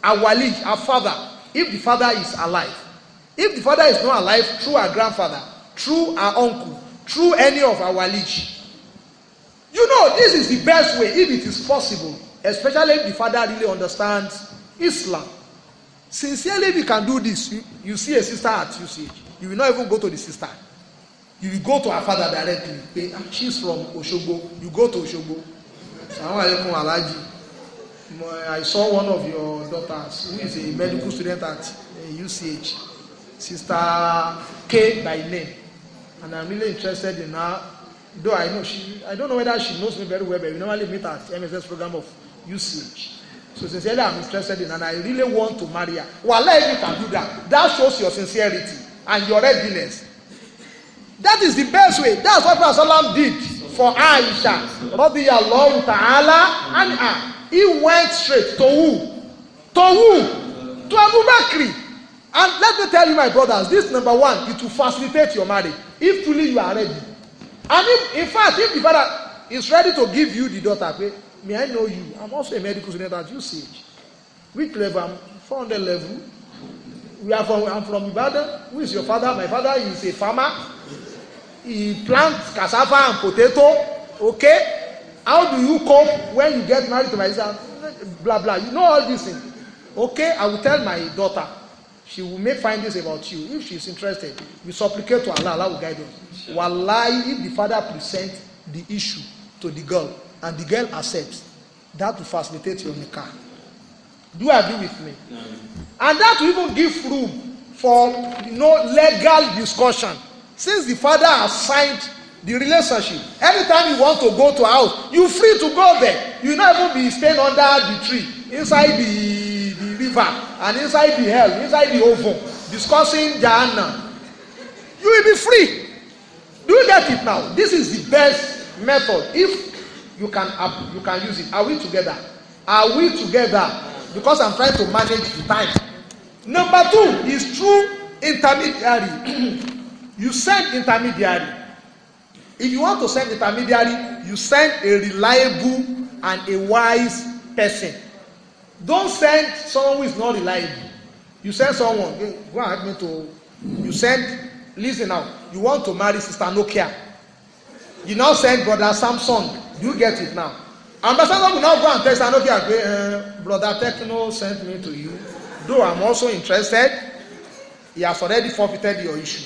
S1: our wali, our father, if the father is alive. If the father is not alive, through our grandfather, through our uncle, through any of our lineage. You know, this is the best way if it is possible, especially if the father really understands Islam. Sincerely, we can do this. You, you see a sister at UCH, you will not even go to the sister. You will go to her father directly. Ah, she's from Oshogbo. You go to Oshogbo. I saw one of your daughters who is a medical student at UCH, Sister K by name and I'm really interested in her. Though I know she, I don't know whether she knows me very well, but we normally meet at MSS program of usage. So sincerely, I'm interested in and I really want to marry her. Well, let you can do that, that shows your sincerity and your readiness. That is the best way. That's what Rasulullah did for Aisha. Radiyallahu ta'ala and her. He went straight to who? To who? To Abu Bakr. And let me tell you, my brothers, this number one, it will facilitate your marriage if truly you are ready and if in fact if the father is ready to give you the daughter pé may I know you I'm also a medical student at UCH which level I'm four hundred level we are from I'm from Ibadan who is your father my father is a farmer he plant cassava and potato okay how do you cope when you get married to my sister blah blah you know all these things okay I will tell my daughter She may find this about you. If she's interested, We supplicate to Allah, Allah will guide us. Sure. Wallahi, if the father presents the issue to the girl and the girl accepts, that will facilitate your nikah. Do you agree with me? No. And that will even give room for you know, legal discussion. Since the father has signed the relationship, anytime you want to go to a house, you're free to go there. You'll not even be staying under the tree, inside the river and inside the hell, inside the oven, discussing Jahannam, you will be free. Do you get it now? This is the best method. If you can you can use it. Are we together? Are we together? Because I'm trying to manage the time. Number two is through intermediary. *clears throat* you send intermediary. If you want to send intermediary, you send a reliable and a wise person Don't send someone who is not reliable. You send someone, hey, go and add me to. You send, listen now, you want to marry Sister Nokia. You now send Brother Samson. You get it now. Ambassador will now go and tell Sister Nokia, hey, uh, Brother Techno sent me to you. Though I'm also interested, he has already forfeited your issue.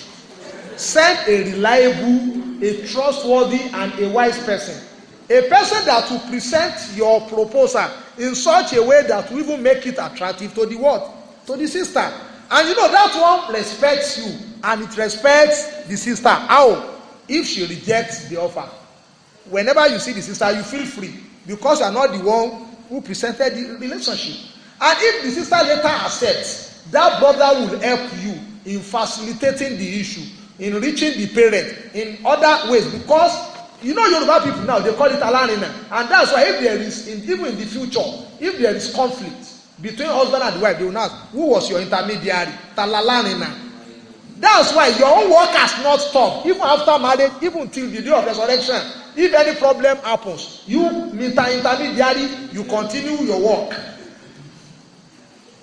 S1: Send a reliable, a trustworthy, and a wise person A person that will present your proposal in such a way that will even make it attractive to the what? To the sister. And you know that one respects you and it respects the sister. How? If she rejects the offer. Whenever you see the sister, you feel free because you are not the one who presented the relationship. And if the sister later accepts, that brother will help you in facilitating the issue, in reaching the parent in other ways because You know Yoruba people now, they call it alarina. And that's why if there is, in, even in the future, if there is conflict between husband and wife, they will ask, who was your intermediary? Talalarina. That's why your own work has not stopped. Even after marriage, even till the day of resurrection, if any problem happens, you, meet an Intermediary, you continue your work.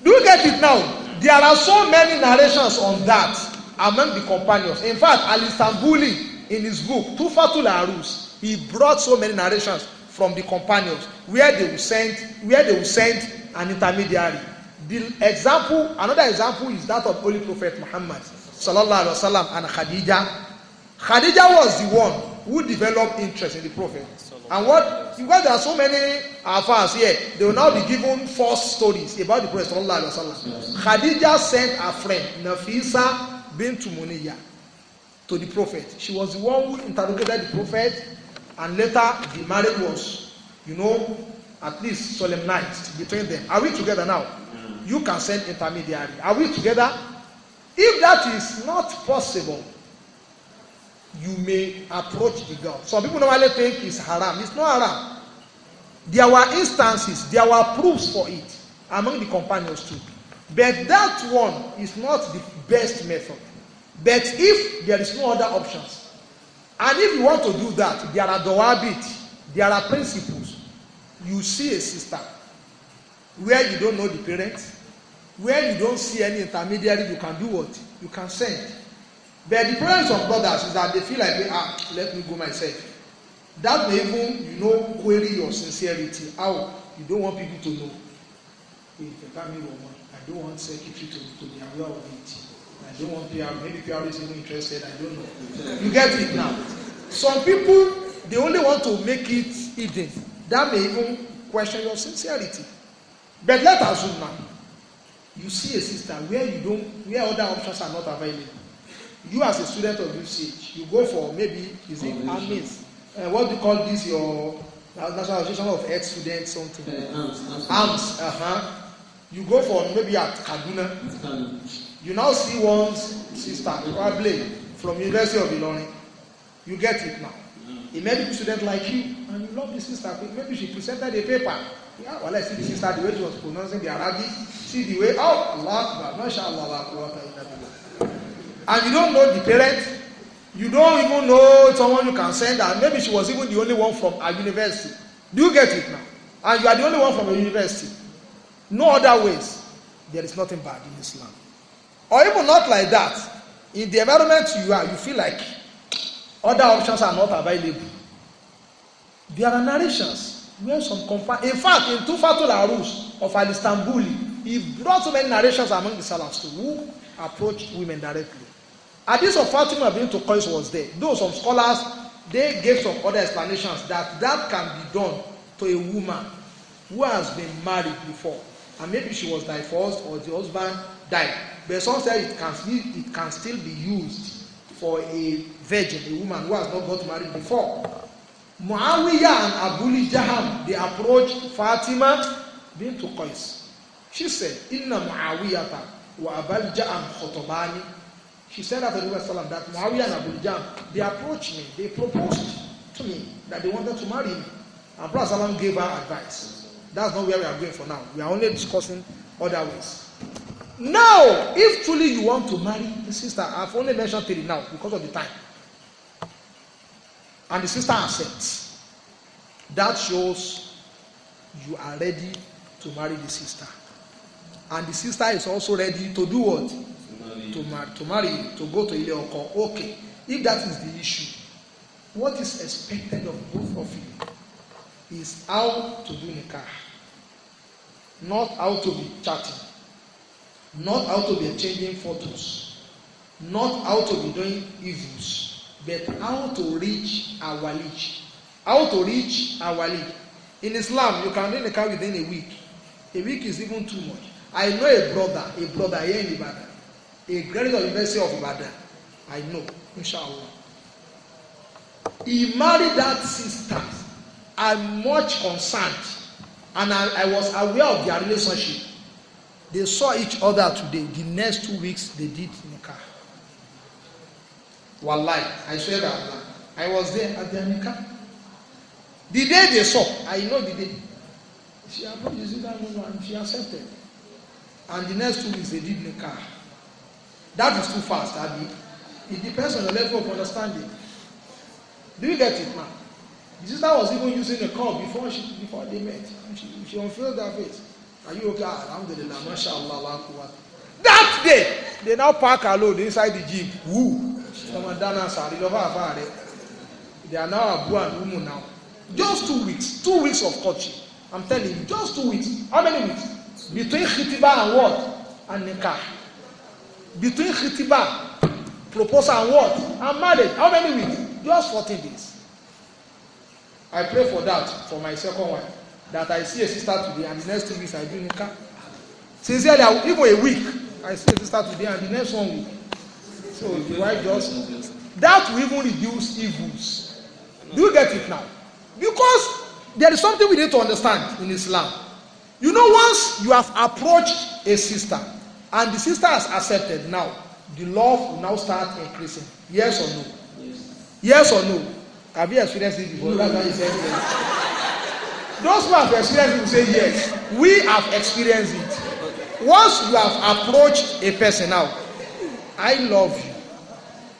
S1: Do you get it now? There are so many narrations on that among the companions. In fact, Al-Istanbuli, in his book Tufatul Arus he brought so many narrations from the companions where they were sent, where they were sent, an intermediary the example another example is that of Holy Prophet Muhammad sallallahu alaihi wasallam and Khadija Khadija was the one who developed interest in the Prophet and what because there are so many afars here they will now be given false stories about the Prophet sallallahu alaihi wasallam Khadija sent her friend Nafisa bintu Muniyah to the prophet. She was the one who interrogated the prophet, and later the marriage was, you know, at least solemnized between them. Are we together now? Mm. You can send intermediary. Are we together? If that is not possible, you may approach the girl. Some people normally think it's haram. It's not haram. There were instances, there were proofs for it among the companions too. But that one is not the best method. But if there is no other options, and if you want to do that, there are doabit, there are principles. You see a sister where you don't know the parents, where you don't see any intermediary, you can do what? You can send. But the parents of brothers is that they feel like, ah, let me go myself. That may even, you know, query your sincerity. How? You don't want people to know. woman, I don't want security to, to be aware of it. I don't want to PRP. Maybe you are even interested. I don't know. You get it now. Some people, they only want to make it hidden. That may even question your sincerity. But let us zoom now. You see a sister where you don't, where other options are not available. You as a student of UCH, you go for maybe is it AMIS? Uh, what do you call this? Your National Association of Ex Students something. Uh, AMS. AMS. Uh -huh. You go for maybe at Kaduna. You now see one sister, probably from University of Ilorin. You get it now. A medical student like you, and you love the sister. Maybe she presented a paper. Yeah, well, I see the sister, the way she was pronouncing the Arabic. See the way, oh, Allah, mashallah, And you don't know the parent. You don't even know someone you can send, and maybe she was even the only one from a university. Do you get it now? And you are the only one from a university. No other ways. There is nothing bad in Islam or even not like that in the environment you are you feel like other options are not available there are narrations where some confirm in fact in tufatul arus of al-istanbuli he brought so many narrations among the salafs who approach women directly hadith of fatima bint Qais was there though some scholars they gave some other explanations that that can be done to a woman who has been married before and maybe she was divorced or the husband died. But some say it can, it can still be used for a virgin, a woman who has not got married before. Muawiya and Abu Jaham, they approached Fatima bint Qais. She said, Inna Muawiyah wa Abul Jaham khotobani. She said after to the Prophet that Muawiya and Abu Jaham, they approached me, they proposed to me that they wanted to marry me. And Prophet gave her advice. That's not where we are going for now. We are only discussing other ways. Now, if truly you want to marry the sister, I've only mentioned three now because of the time. And the sister accepts. That shows you are ready to marry the sister. And the sister is also ready to do what? To marry, to, mar to, marry, to go to Ile Oko. Okay. If that is the issue, what is expected of both of you is how to do nika, not how to be chatting not how to be changing photos, not how to be doing evils, but how to reach our league. How to reach our league. In Islam, you can rent a car within a week. A week is even too much. I know a brother, a brother here in Ibadan, a graduate of University of Ibadan. I know, inshallah. He married that sister. I'm much concerned, and I, I was aware of their relationship They saw each other today. The next two weeks, they did nikah. Wallahi, I swear that I was there at their nikah. The day they saw, I know the day. She approved the that woman and she accepted. And the next two weeks, they did nikah. That is too fast, Abi. It depends on the level of understanding. Do you get it now? The sister was even using a cup before she before they met. She, she unfurled her face. Are you okay? Ah, Alhamdulillah, mashallah, Allah That day, they now park a load inside the jeep. Woo! Someone down outside, they are now Abu and Umu now. Just two weeks, two weeks of coaching. I'm telling you, just two weeks. How many weeks? Between Khitiba and what? And Nikah. Between Khitiba, proposal and what? And marriage. How many weeks? Just fourteen days. I pray for that for my second wife that I see a sister today and the next two weeks I do nikah. Sincerely, I, even a week, I see a sister today and the next one week. So the wife just, that will even reduce evils. Do you get it now? Because there is something we need to understand in Islam. You know, once you have approached a sister and the sister has accepted now, the love will now start increasing. Yes or no? Yes, yes or no? Have you experienced it before? No. That's why you said yes. Those who have experienced it will say, Yes, we have experienced it. Once you have approached a person now, I love you.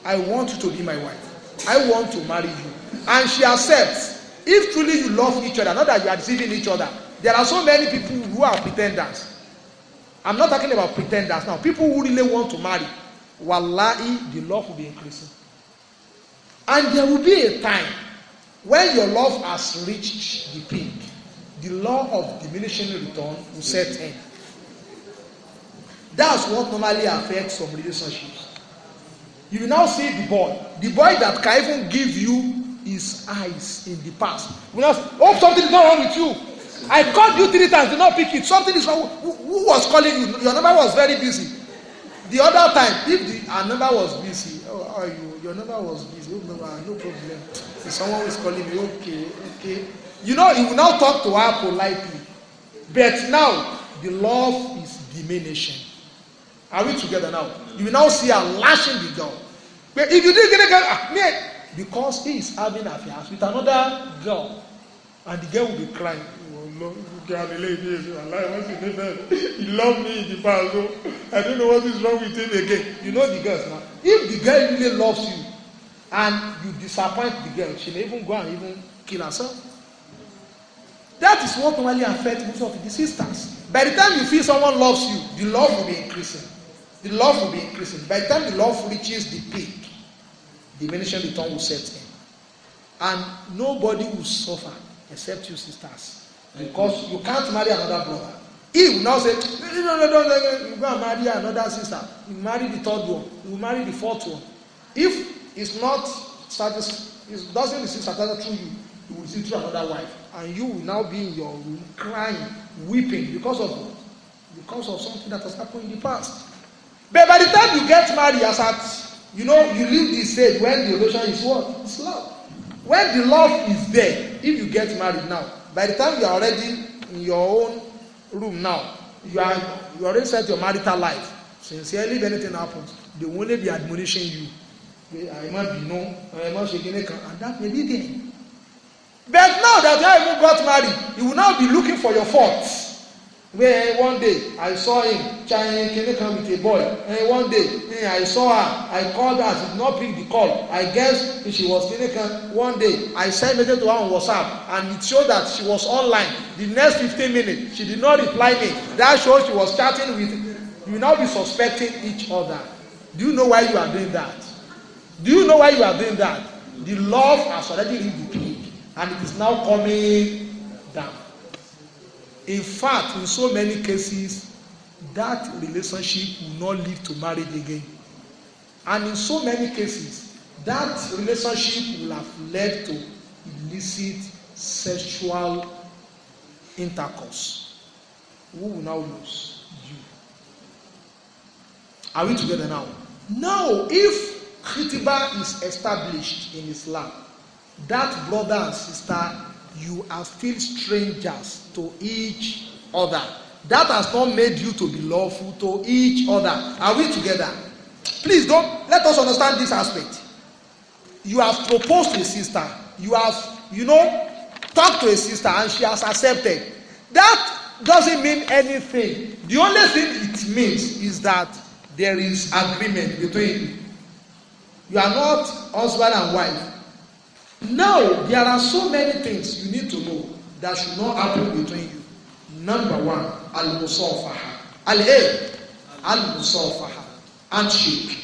S1: I want you to be my wife. I want to marry you. And she accepts. If truly you love each other, not that you are deceiving each other. There are so many people who are pretenders. I'm not talking about pretenders now. People who really want to marry, wallahi, the love will be increasing. And there will be a time when your love has reached the peak the law of diminishing return will set in. That's what normally affects some relationships. You will now see the boy, the boy that can even give you his eyes in the past. You will now say, oh, something is not wrong with you. I called you three times, did not pick it. Something is wrong. Who, who was calling you? Your number was very busy. The other time, if the our number was busy, oh, are you? Your number was busy. Oh, no, no problem. If someone was calling me. Okay, okay. You know, he will now talk to her politely. But now, the love is diminishing. Are we together now? You will now see her lashing the girl. But if you didn't get a girl, ah, man, because he is having affairs with another girl, and the girl will be crying. Oh, *laughs* he loved me in the past, so I don't know what is wrong with him again. You know the girls now. If the girl really loves you and you disappoint the girl, she may even go and even kill herself. That is what normally affects most of the sisters. By the time you feel someone loves you, the love will be increasing. The love will be increasing. By the time the love reaches the peak, diminishing return will set in. And nobody will suffer except you sisters. Because you can't marry another brother. He will now say, no, no, no, no, you go and marry another sister. You marry the third one. You marry the fourth one. If it's not satisfied, it doesn't receive satisfaction through you, you will see through another wife and you will now be in your room crying weeping because of what because of something that has happened in the past but by the time you get married as at you know you leave the stage when the relation is what it's love when the love is there if you get married now by the time you are already in your own room now you are you already set your marital life sincerely if anything happens they will only be admonishing you I must be má I must má ṣe and that may be there But now that you have even got married, you will now be looking for your faults. Where one day I saw him trying come with a boy, and eh, one day eh, I saw her, I called her, she did not pick the call. I guess she was clinical. One day I sent message to her on WhatsApp, and it showed that she was online. The next 15 minutes, she did not reply me. That shows she was chatting with. You will now be suspecting each other. Do you know why you are doing that? Do you know why you are doing that? The love has already revealed. and it is now coming down in fact in so many cases that relationship will not lead to marriage again and in so many cases that relationship will have led to illicit sexual intercourse who will now lose you are we together now no if khitiba is established in islam that brother and sister you are still strangers to each other that has not made you to be lawful to each other are we together please don't let us understand this aspect you have proposed to a sister you have you know talked to a sister and she has accepted that doesn't mean anything the only thing it means is that there is agreement between you are not husband and wife Now, there are so many things you need to know that should not happen between you. Number one, al-musafaha. Al-e, al-musafaha. Handshake.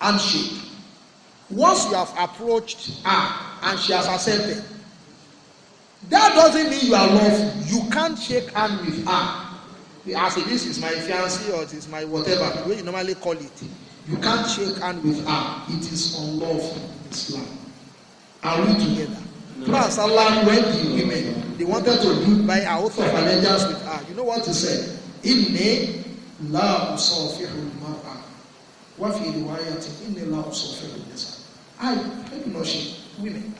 S1: Handshake. Once you have approached her and she has accepted,
S2: that doesn't mean you are lawful.
S1: You can't shake hand with her. As if this is my fiancé or "This is my whatever, the way you normally call it. You can't shake hand with her. It is unlawful in Islam. Are we together? Plus, Allah went the women. They wanted to do by our oath of allegiance with her. You know what he said? Inni la usafiru mar'a. Wa fi riwayatin inni la usafiru nisa. I admonish women.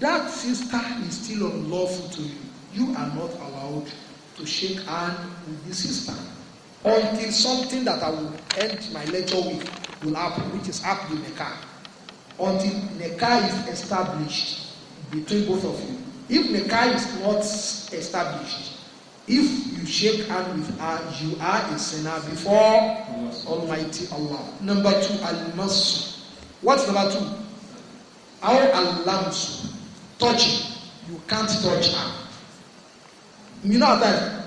S1: That sister is still unlawful to you. You are not allowed to shake hand with this sister until something that I will end my lecture with will happen, which is up the car until neka is established between both of you if neka is not established if you shake hand with her you are a sinner before almighty allah number two almasu what's number two how alamsu touch you can't touch her you know that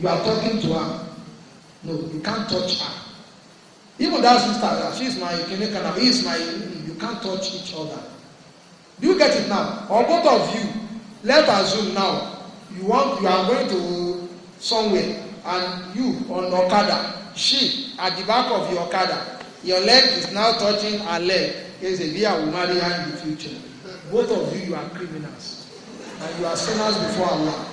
S1: you are talking to her no you can't touch her even that sister she is my kene he is my You can't touch each other. Do you get it now? Or both of you, let us assume now you want you are going to somewhere and you on Okada, she at the back of your Okada, your leg is now touching her leg. Yes, we will marry her in the future. Both of you, you are criminals and you are sinners before Allah.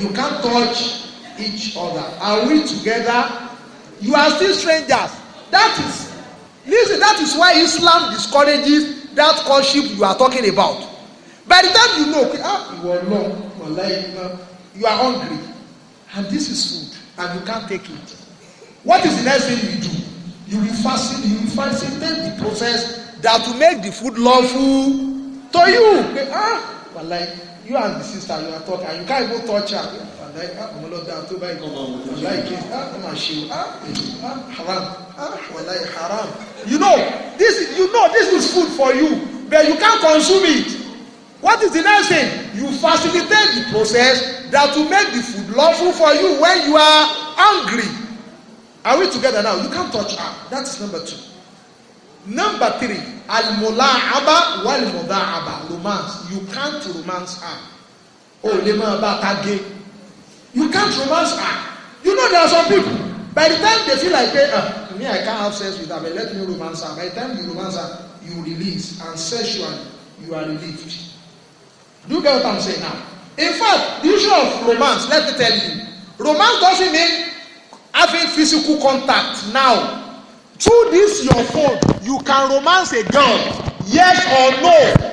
S1: You can't touch each other. Are we together? You are still strangers. That is listen that is why Islam discourages that courtship you are talking about by the time you know ah ìwọ náà wàlá iná you are hungry and this is food and you can't take it what is the next thing you do you will facilitate you will facilitate the process that will make the food lawful to you ah like you and the sister you are talking you can't even touch am. you know this you know this is food for you but you can't consume it what is the next thing you facilitate the process that will make the food lawful for you when you are angry. are we together now you can't touch her that is number two number three almolaaba abba romance you can't romance her Oh, You can't romance her. You know there are some people, by the time they feel like, hey, uh, ah, me, I can't have sex with her, but let me romance her. By the time you romance her, you release, and sexually, you are relieved. Do you get what I'm saying now? In fact, the issue of romance, let me tell you, romance doesn't mean having physical contact now. Through this, your phone, you can romance a girl, yes or no.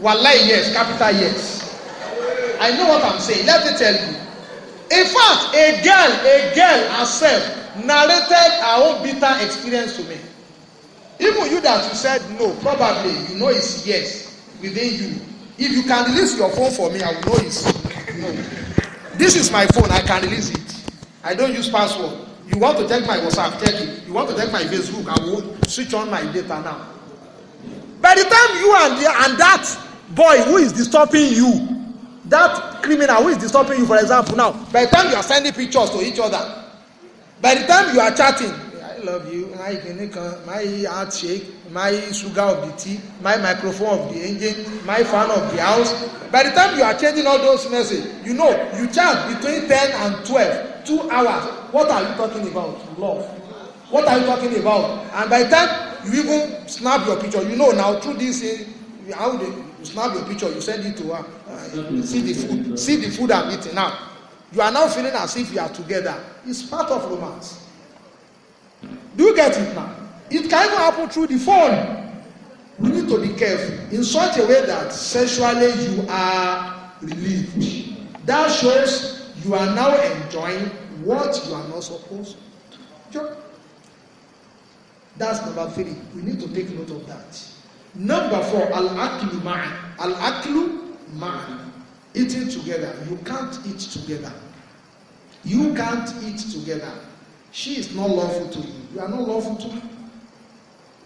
S1: Wallahi, yes, capital yes. I know what I'm saying. Let me tell you. In fact, a girl, a girl herself narrated her own bitter experience to me. Even you that you said no, probably you know it's yes within you. If you can release your phone for me, I will know it's no. This is my phone, I can release it. I don't use password. You want to check my WhatsApp, check it. You want to check my Facebook, I will switch on my data now. By the time you and, the, and that boy who is disturbing you that criminal who is disturbing you for example now by the time you are sending pictures to each other by the time you are chatting i love you my kinikan my heart shake my sugar of the tea my microphone of the engine my fan of the house by the time you are changing all those message, you know you chat between ten and twelve two hours what are you talking about love what are you talking about and by the time you even snap your picture you know now through this eh, how they you snap your picture you send it to her see the food see the food i'm eating now you are now feeling as if you are together it's part of romance do you get it now it can even happen through the phone we need to be careful in such a way that sexually you are relieved that shows you are now enjoying what you are not supposed to that's number three we need to take note of that number four al-aklu ma'a al-aklu man eating together. You can't eat together. You can't eat together. She is not lawful to you. You are not lawful to me.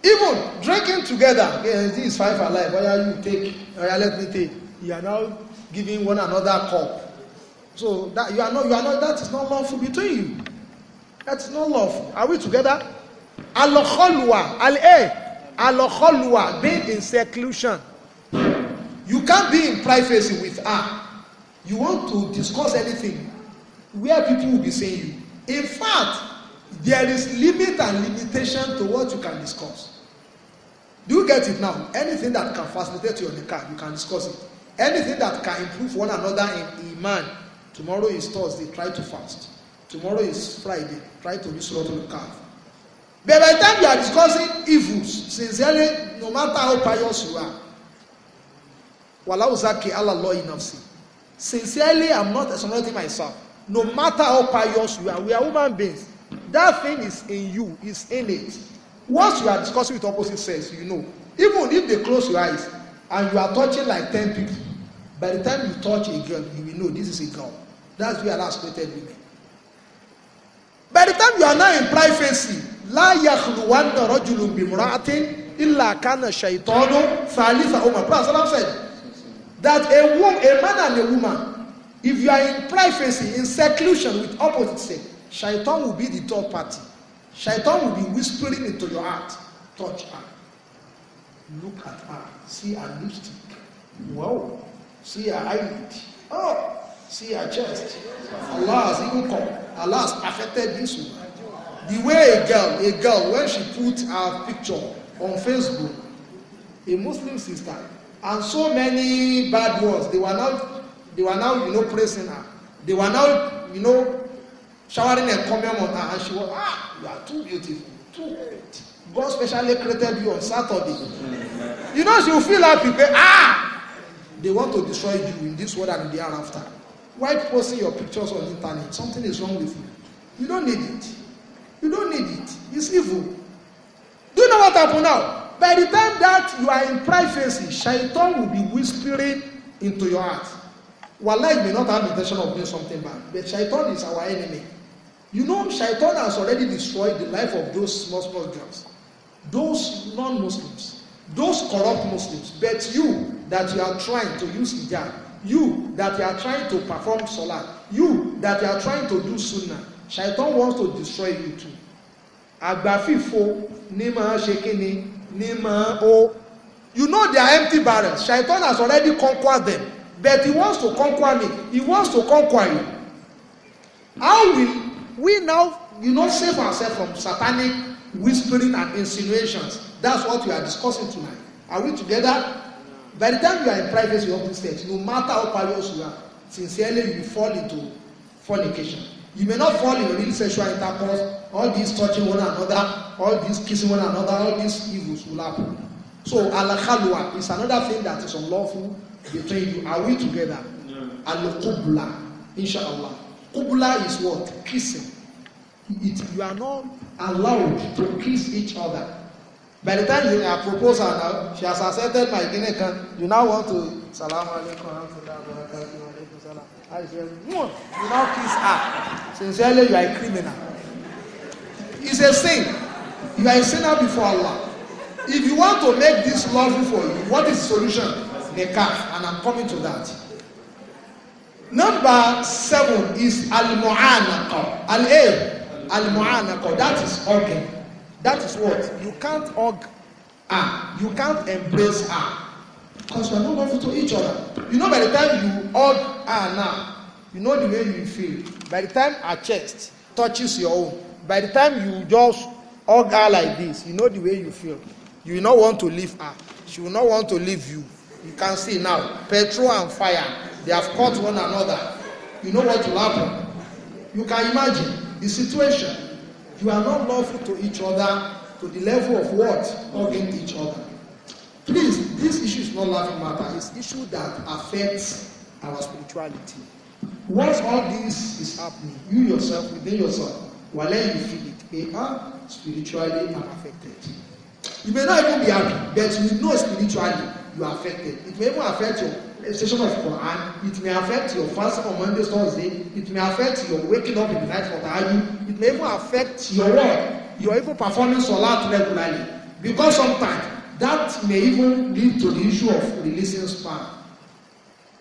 S1: Even drinking together. Okay, this is five alive. Why you take? Why let me take? You are now giving one another cup. So that you are not. You are not. That is not lawful between you. That is not lawful. Are we together? Alokholua, al-e, being in seclusion You can't be in privacy with her. You want to discuss anything where people will be seeing you. In fact, there is limit and limitation to what you can discuss. Do you get it now? Anything that can facilitate your nikah, you can discuss it. Anything that can improve one another in iman. Tomorrow is Thursday, try to fast. Tomorrow is Friday, try to be slow to the calf. But by the time you are discussing evils, sincerely, no matter how pious you are, walawuzaki alalọ inafsi sincerely i'm not exonerating myself no matter how pious you are we are human beings that thing is in you is in it once you are discussing with opposite sex you know even if they close your eyes and you are touching like ten people by the time you touch a girl you will know this is a girl that's where allah created women by the time you are now in privacy la yakhluwanna rajulun bimra'atin illa kana shaytanu thalitha umar prophet said that a woman, a man and a woman, if you are in privacy, in seclusion with opposite sex, shaitan will be the third party. Shaitan will be whispering into your heart, touch her, look at her, see her lipstick, wow, see her eyelid, oh, see her chest. Allah has even come. Allah has affected this woman. The way a girl, a girl, when she put her picture on Facebook, a Muslim sister and so many bad words they were now they were now you know praising her they were now you know showering a comment on her and she was ah you are too beautiful too great God specially created you on Saturday you know she will feel happy pe ah they want to destroy you in this world and in the hereafter why posting your pictures on the internet something is wrong with you you don't need it you don't need it it's evil do you know what happen now By the time that you are in privacy, shaitan will be whispering into your heart. life may not have the intention of doing something bad, but shaitan is our enemy. You know, shaitan has already destroyed the life of those small, small girls, those non Muslims, those corrupt Muslims. But you that you are trying to use hijab, you that you are trying to perform salah, you that you are trying to do sunnah, shaitan wants to destroy you too. Àgbàfífo ní máa ṣe kí ni o you know they are empty barrels shaitan has already conquered them but he wants to conquer me he wants to conquer you how will we now you know save ourselves from satanic whispering and insinuations that's what we are discussing tonight are we together by the time you are in private you up to stage no matter how pious you are sincerely you fall into fornication You may not fall in real sexual intercourse. All these touching one another, all these kissing one another, all these evils will happen. So al khalwa is another thing that is unlawful between you. Are we together? Yeah. Al kubla, inshallah. Kubla is what kissing. It, you are not allowed to kiss each other. By the time you have proposed her now, she has accepted my guinea You now want to salam alaikum. I said, no, you now kiss her. Sincerely, you are a criminal. It's a sin. You are a sinner before Allah. If you want to make this lawful for you, what is the solution? Nikah. And I'm coming to that. Number seven is al-mu'anaqa. Al-a. Al-mu'anaqa. That is organ. That is what? You can't hug. her. You can't embrace her because you are not loving to each other. You know, by the time you hug her now, you know the way you feel. By the time her chest touches your own, by the time you just hug her like this, you know the way you feel. You will not want to leave her. She will not want to leave you. You can see now, petrol and fire, they have caught one another. You know what will happen. You can imagine the situation. You are not lawful to each other to the level of what? Hugging each other. Please, this issue is not laughing matter. It's issue that affects our spirituality. Once all this is happening, you yourself, within yourself, while you feel it, they are spiritually affected. You may not even be happy, but you know spiritually you are affected. It may even affect your session of Quran. It may affect your fasting on Monday, Thursday. It may affect your waking up in the night for Tahajjud. It may even affect your work. You are even performing salat regularly because sometimes That may even lead to the issue of releasing sperm.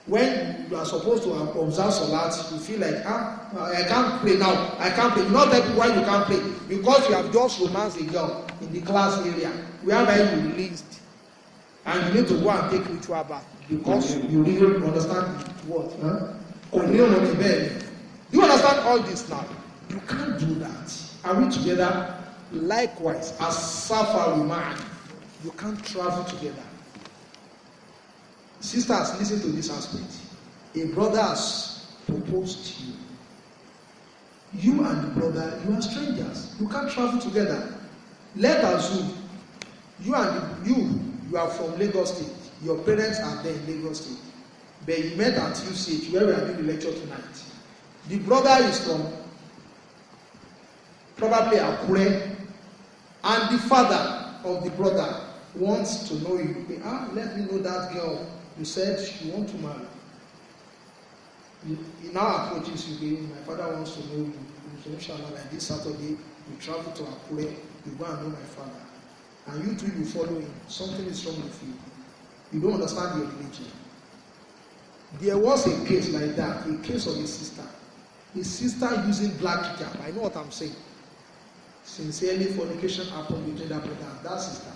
S1: When you are supposed to observe Salat, you feel like, ah, I can't pray now. I can't pray. You know that why you can't pray. Because you have just romanced a girl in the class area, whereby you released. And you need to go and take ritual bath because you really understand what. Huh? Do you understand all this now? You can't do that. Are we together? Likewise, as Safa remarked. You can't travel together. Sisters, listen to this aspect. A brother has proposed to you. You and the brother, you are strangers. You can't travel together. Let us assume you and you, you are from Lagos State. Your parents are there in Lagos State. But you met at UCH where we are doing the lecture tonight. The brother is from probably Akure, and the father of the brother wants to know you. ah, let me know that girl. You said you want to marry. He now approaches you. Again. My father wants to know you. So inshallah, like this Saturday, you travel to Akure, you go and know my father. And you two you follow him. Something is wrong with you. You don't understand your religion. There was a case like that, a case of a sister. His sister using black hijab. I know what I'm saying. Sincerely, fornication happened between that brother and that sister.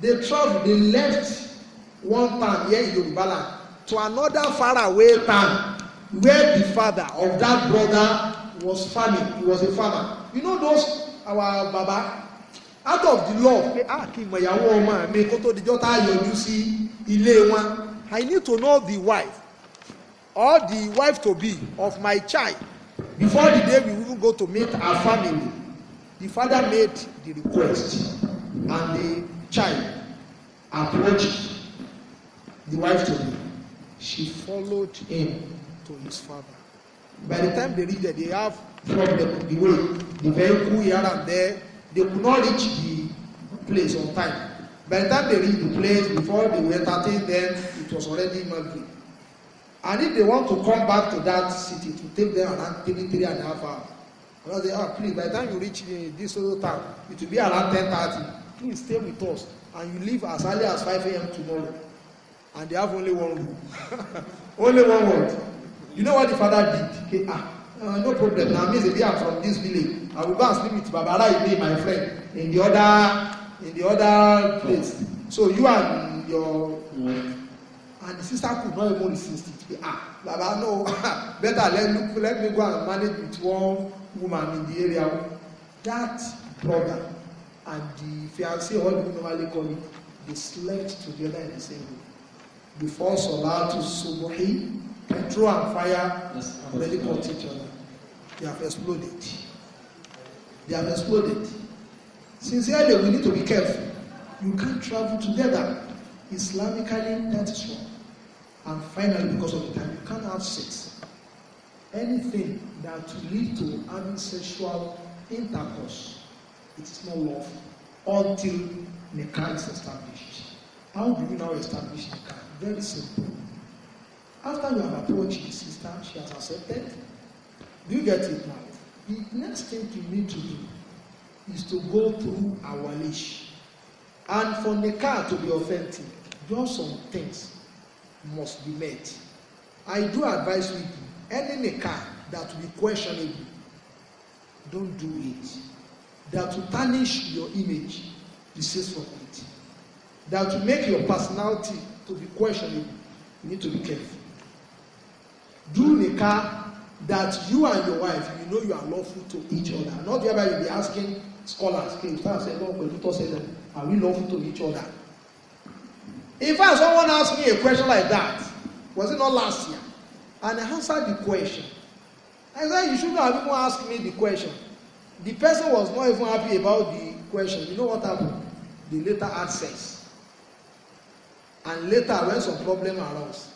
S1: they travel they left one town here in Yoruba land to another faraway town where the father of that brother was farming he was a farmer you know those our baba out of the love pé ah kí n mọ ọmọ mi kó tó dijọ́ tá yọjú sí ilé wọn I need to know the wife or the wife to be of my child before the day we even go to meet our family the father made the request and the child approached the wife to be. She followed him to his father. By the time they reach, there, they have problem the way
S2: the vehicle here and
S1: there. They could not reach the place on time. By the time they reach the place, before they were entertained, then it was already Maghrib. And if they want to come back to that city, to take them around three, three and a half hours. And I say, ah, please, by the time you reach the, this little town, it will be around ten thirty you stay with us and you leave as early as 5 a.m. tomorrow. And they have only one room. *laughs* only one word. You know what the father did? He, ah, uh, no problem. Now, Miss Ebi, I'm from this village. I will go and sleep with Babara Ibe, my friend, in the other, in the other place. So you and your, mm. and the sister could not even resist it. Ah, Baba, no, *laughs* better let look, let me go and manage with one woman in the area. That brother and the fiancé or the normally call it, they slept together in the same room. Before Salah to Subuhi, petrol and fire already caught each other. They have exploded. They have exploded. Sincerely, we need to be careful. You can't travel together. Islamically, that is wrong. And finally, because of the time, you can't have sex. Anything that will lead to having sexual intercourse it is not love until the car is established. How do you now establish the car? Very simple. After you have approached the sister, she has accepted. Do you get it now? The next thing you need to do is to go through our leash. And for the car to be authentic, just some things must be met. I do advise you: any car that will be questionable, don't do it that will tarnish your image, distasteful quality, that will make your personality to be questioning, You need to be careful. Do nikah that you and your wife, you know you are lawful to each other. Not the whereby You be asking scholars, okay, no, said, Lord, Peluto say that, are we lawful to each other? In fact, someone asked me a question like that. Was it not last year? And I answered the question. I said, you shouldn't have even asked me the question. The person was not even happy about the question. You know what happened? The later had sex. And later, when some problem arose,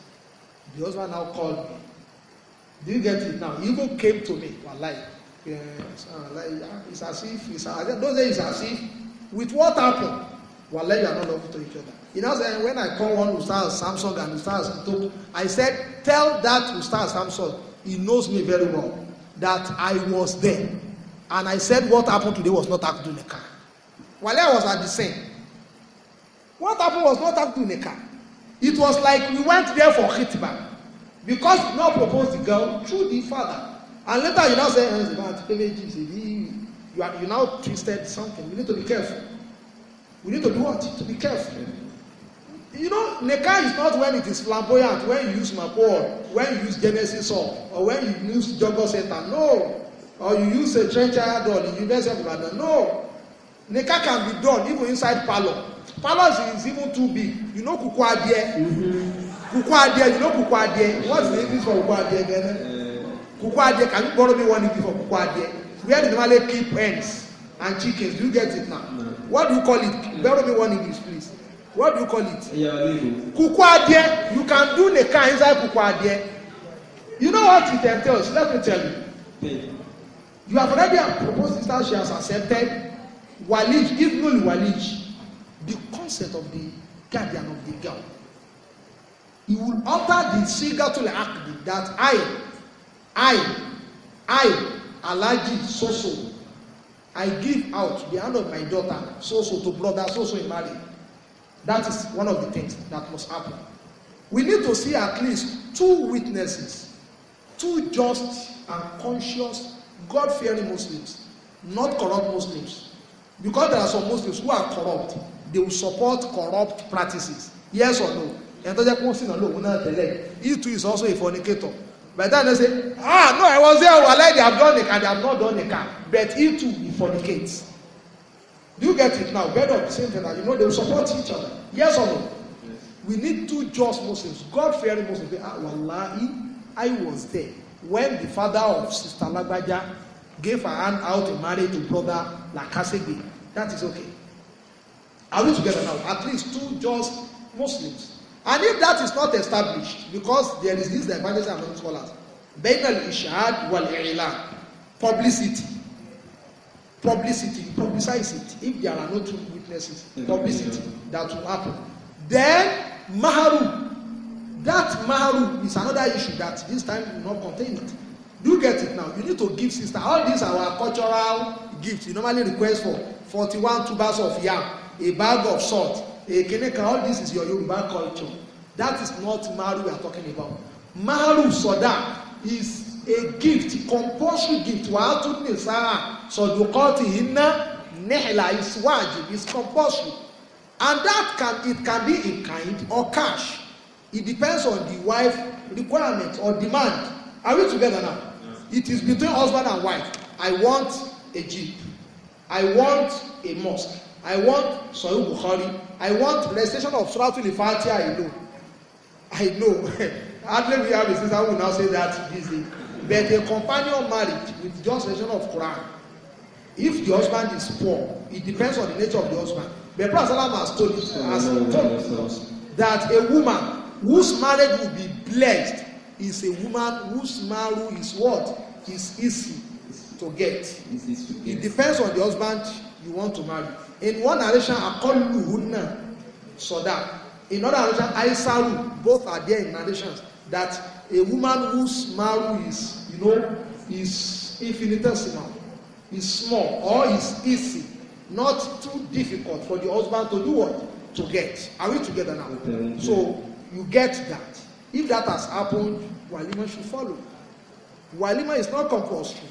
S1: the husband now called me. Do you get it now? even came to me. like, uh, ah, it's as if, it's as if, don't say it's as if. With what happened? Wallahi, you are not loving to each other. You know, when I call one Ustaz Samsung and Ustaz Toku, I said, tell that Ustaz Samsung, he knows me very well, that I was there. and I said what happened today was not happened in the car. While I was at the scene, what happened was not happened in the car. It was like we went there for khitbah because you now propose the girl through the father. And later you now say, eh, you, are, you now twisted something. We need to be careful. We need to do what? To be careful. You know, Neka is not when it is flamboyant, when you use Mapor, when you use Genesis or, or when you use Jogo Satan. No or you use a trencher door in University of Ibadan. No. Nika can be done even inside parlour. Parlour is even too big. You know kuku adie. Kuku adie, you know kuku adie. What's the English for kuku adie again? Kuku adie, can you borrow me one English for kuku adie? Where do normally keep hens and chickens? Do you get it now? No. What do you call it? Borrow me one English, please. What do you call it? Yeah, kuku adie. You can do nika inside kuku adie. You know what it entails? Let me tell you. You have already proposed this she has accepted. Walij, even walij, the concept of the guardian of the girl. He will alter the sigatul aqd that I, I, I, Alaji, so so, I give out the hand of my daughter, so so to brother, so so in Mali. That is one of the things that must happen. We need to see at least two witnesses, two just and conscious God-fearing Muslims, not corrupt Muslims. Because there are some Muslims who are corrupt, they will support corrupt practices. Yes or no? Ẹni tó jẹ́ kó sínú lòun náà tẹ́lẹ̀. He too is also a fornicator. By the they say, ah, no, I was there, well, like they have done nikah, they have not done nikah. But he too, he fornicates. Do you get it now? Bed of the same thing that you know they will support each other. Yes or no? Yes. We need two just Muslims, God-fearing Muslims. They are, ah, wallahi, I was there when the father of sister Lagbaja gave her hand out in marriage to brother Lakasegbe, that is okay. Are we together now? At least two just Muslims. And if that is not established, because there is this divergence among scholars, Bainal Ishad wal Ilan, publicity. Publicity, you publicize it. If there are no true witnesses, publicity that will happen. Then, Maharu, That maru is another issue that this time we not contain it. Do you get it now? You need to give sister. All this our cultural gifts. You normally request for forty-one tubers of yam, a bag of salt, a keneka. All this is your Yoruba culture. That is not maru we are talking about. Maru soda is a gift, compulsory gift. Wa'atu nisara saduqatihinna nihla is wajib, is compulsory. And that can, it can be in kind or cash. It depends on the wife requirement or demand. Are we together now? Yeah. It is between husband and wife. I want a jeep. I want a mosque. I want Sahih Bukhari. I want recitation of Surah Al-Fatiha. I know. I *laughs* know. Hardly we have a sister who now say that this day. But a companion marriage with just recitation of Quran. If the husband is poor, it depends on the nature of the husband. But Prophet has told us, has told us that a woman whose marriage will be blessed is a woman whose marriage is what is easy to get. It depends on the husband you want to marry. In one narration, Akoluhunna Soda. In another narration, Aisaru. Both are there in narrations that a woman whose marriage is, you know, is infinitesimal, is small, or is easy, not too difficult for the husband to do what to get. Are we together now? Okay, so You get that. If that has happened, Walima should follow. Walima is not compulsory,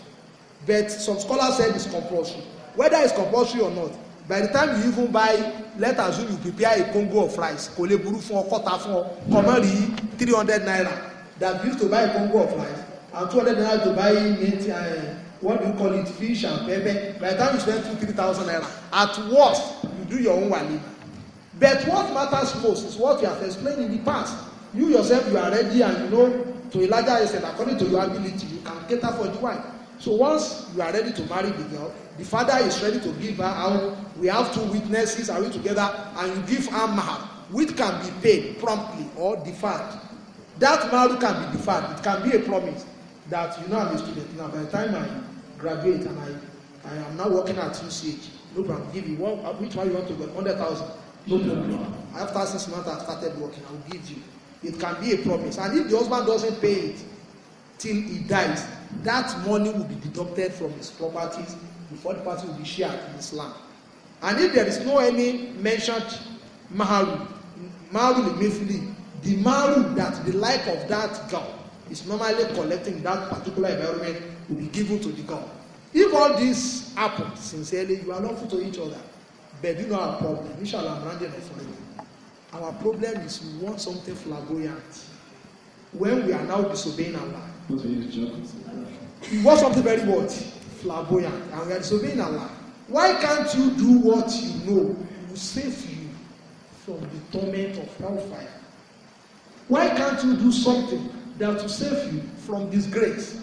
S1: but some scholars said it's compulsory. Whether it's compulsory or not, by the time you even buy let us say you prepare a congo of rice kole buru burú fún ọ kọ́ta fún ọ kọ́mọ́ rí three hundred naira that used to buy a congo of rice and two hundred naira to buy meat and eh, what do you call it fish and pepper by the time you spend two three thousand naira at worst you do your own walima But what matters most is what you have explained in the past. You yourself, you are ready and you know to a larger extent, according to your ability, you can cater for the wife. So once you are ready to marry the girl, the father is ready to give her out. We have two witnesses, are we together? And you give her mahar, which can be paid promptly or deferred. That mahar can be deferred. It can be a promise that you know I'm a student now. By the time I graduate and I, I am now working at UCH, look, I'm giving one, which one you want to go? 100,000. No problem. After six months I started working, I will give you. It can be a promise. And if the husband doesn't pay it till he dies, that money will be deducted from his properties before the party will be shared in Islam. And if there is no any mentioned maharu, maharu limifili, the maharu that the like of that girl is normally collecting that particular environment will be given to the girl. If all this happens sincerely, you are not to each other. But you know our problem. Inshallah, I'm running for you. Our problem is we want something flamboyant. When we are now disobeying Allah. We want something very what? Flamboyant. And we are disobeying Allah. Why can't you do what you know will save you from the torment of hellfire? Why can't you do something that will save you from disgrace?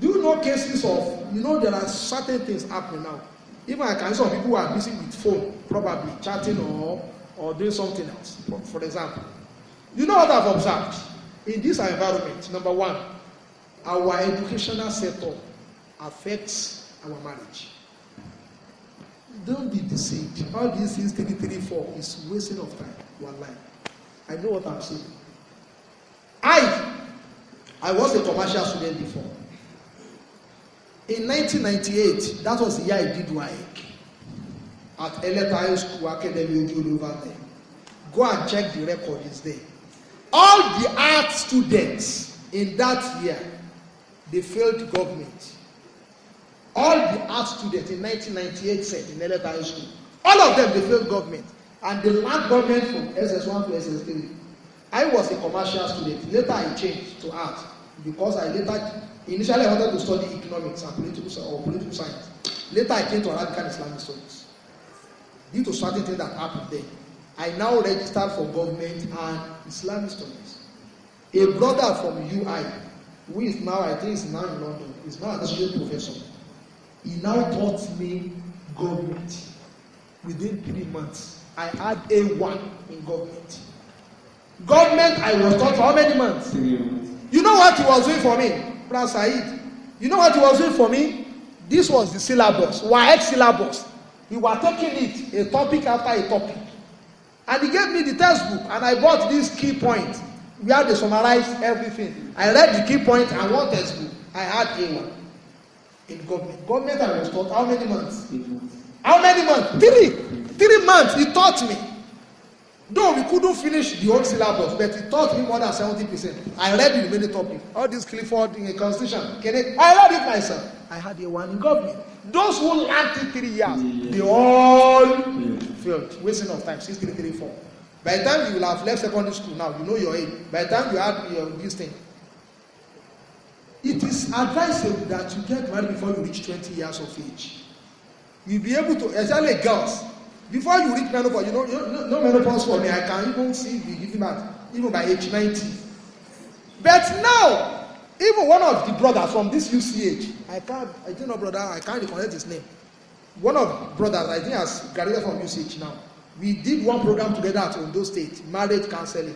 S1: Do you know cases of, you know, there are certain things happening now. Even I can see some people are busy with phone, probably chatting or, or doing something else, for, for example. You know what I've observed? In this environment, number one, our educational setup affects our marriage. Don't be deceived. All these things three, four, is wasting of time. You are lying. I know what I'm saying. I, I was a commercial student before in 1998 that was the year I did WAEC at Eleta High School Academy over there go and check the record it's there all the art students in that year they failed government all the art students in 1998 said in Eleta High School all of them they failed government and they learned government from SS1 to SS3 I was a commercial student later I changed to art because I later Initially, I wanted to study economics and political or political science. Later, I came to radical Islamic studies. Due to certain things that happened there, I now registered for government and Islamic studies. A brother from UI, who is now, I think, is now in London, is now an associate professor. He now taught me government. Within three months, I had a one in government. Government, I was taught for how many months. You know what he was doing for me? Brother Said, you know what he was doing for me? This was the syllabus, YX syllabus. We were taking it a topic after a topic. And he gave me the textbook and I bought this key point. We had to summarize everything. I read the key point and one textbook. I had A1 in government. Government I was taught how many months? How many months? Three. Three months he taught me. Though we couldn't finish the whole syllabus, but it taught me more than seventy percent. I read the remaining topic. All this Clifford in a constitution. Can I, I read it myself. I had a one in government. Those who lacked it three years, they all failed. Wasting of time, Sixty-three-four. By the time you will have left secondary school now, you know your age. By the time you had your this thing, it is advisable that you get married before you reach twenty years of age. You'll be able to, especially girls, Before you reach menopause, you know, you know, no menopause for me. I can even see the giving even by age 90. But now, even one of the brothers from this UCH, I can't, I don't know, brother, I can't recognize his name. One of brothers, I think, has graduated from UCH now. We did one program together at Ondo State, marriage counseling.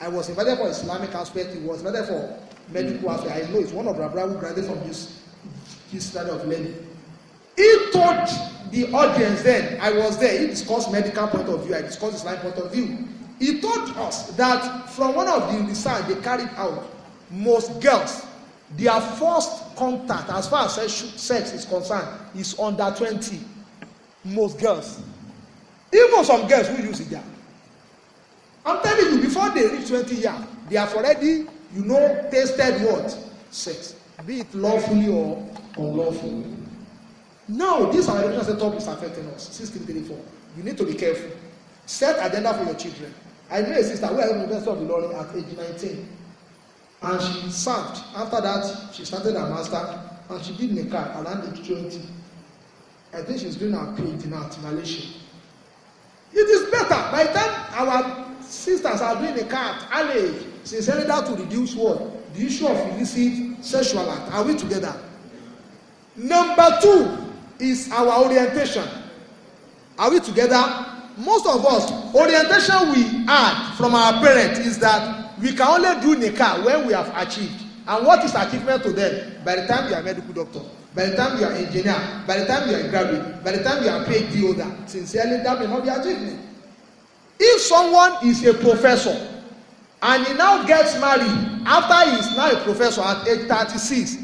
S1: I was invited for Islamic aspect, he was invited for medical aspect. I know it's one of the brothers who graduated from this. his study of learning. He told the audience then, I was there, he discussed medical point of view, I discussed his life point of view. He told us that from one of the research they carried out, most girls, their first contact as far as sex is concerned is under twenty. Most girls. Even some girls who use hijab. I'm telling you, before they reach twenty years, they have already, you know, tasted what? Sex. Be it lawfully or unlawfully. Now, this our education setup is affecting us. 1634. You need to be careful. Set agenda for your children. I know a sister who had University of Ilorin at age 19. And she served. After that, she started her master and she did Nikah around age 20. I think she's doing her PhD now at Malaysia. It is better. By the time our sisters are doing Nikah at Ali, sincerely that to reduce what? The issue of illicit sexual act. Are we together? Number two, is our orientation. Are we together? Most of us, orientation we had from our parents is that we can only do nikah when we have achieved. And what is achievement to them? By the time you are medical doctor, by the time you are engineer, by the time you are graduate, by the time you are PhD holder, sincerely, that may not be achievement. If someone is a professor and he now gets married after he is now a professor at age thirty-six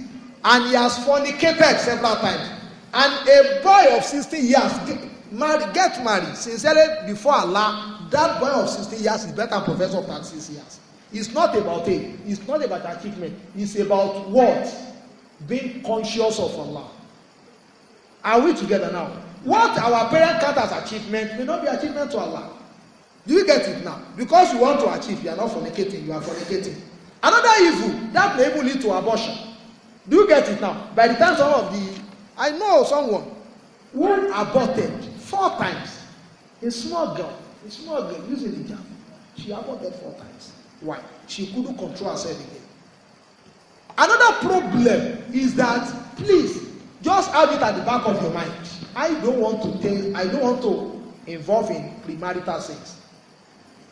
S1: and he has fornicated several times And a boy of sixteen years get married, get married sincerely before Allah, that boy of sixteen years is better professor than six years. It's not about age, it's not about achievement, it's about what? Being conscious of Allah. Are we together now? What our parents count as achievement may not be achievement to Allah. Do you get it now? Because you want to achieve, you are not fornicating, you are fornicating. Another evil, that may even lead to abortion. Do you get it now? By the time some of the I know someone who aborted four times. A small girl, a small girl using hijab, she aborted four times. Why? She couldn't control herself again. Another problem is that please just have it at the back of your mind. I don't want to tell, I don't want to involve in premarital sex.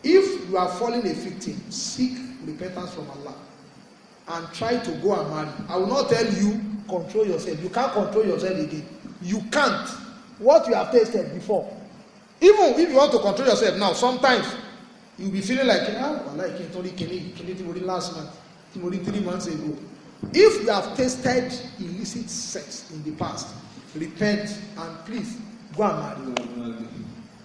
S1: If you are falling a victim, seek repentance from Allah and try to go and marry. I will not tell you control yourself you can't control yourself again you can't what you have tasted before even if you want to control yourself now sometimes you be feeling like ah wàhálà ìkíni tó rí kíni kíni tí last month tí mo three months ago if you have tasted illicit sex in the past repent and please go and marry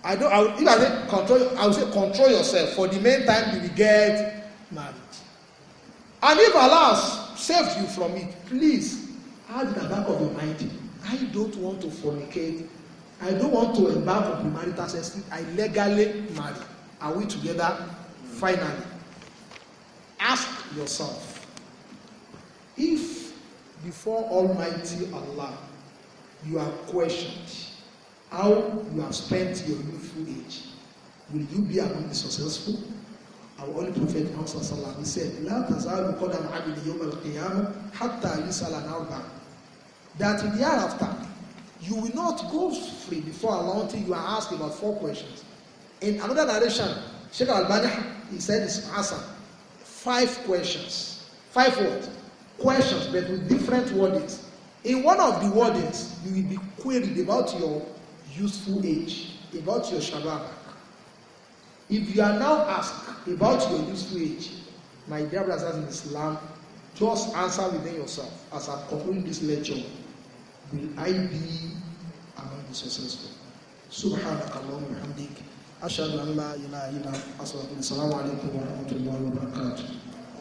S1: i don i would if i say control i will say control yourself for the meantime you will get married and if allah saved you from it please in the back of your mind, I don't want to fornicate. I don't want to embark on premarital sex. I legally marry. Are we together? Finally, ask yourself if before Almighty Allah you are questioned how you have spent your youthful age, will you be among the successful? Our Holy Prophet Muhammad said, لا تزال قدم yom al القيامة hatta يسأل عن أربعة that in the hereafter you will not go free before Allah until you are asked about four questions. In another narration, Sheikh Al-Bani, he said it's answer Five questions. Five what? Questions, but with different wordings. In one of the wordings, you will be queried about your useful age, about your shababak. If you are now asked about your useful age, my dear brothers in Islam, just answer within yourself as I'm concluding this lecture will I be among the successful? سبحانك اللهم وبحمدك أشهد أن لا إله إلا أنت السلام عليكم ورحمة الله وبركاته.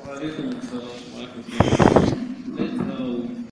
S1: وعليكم السلام ورحمة الله.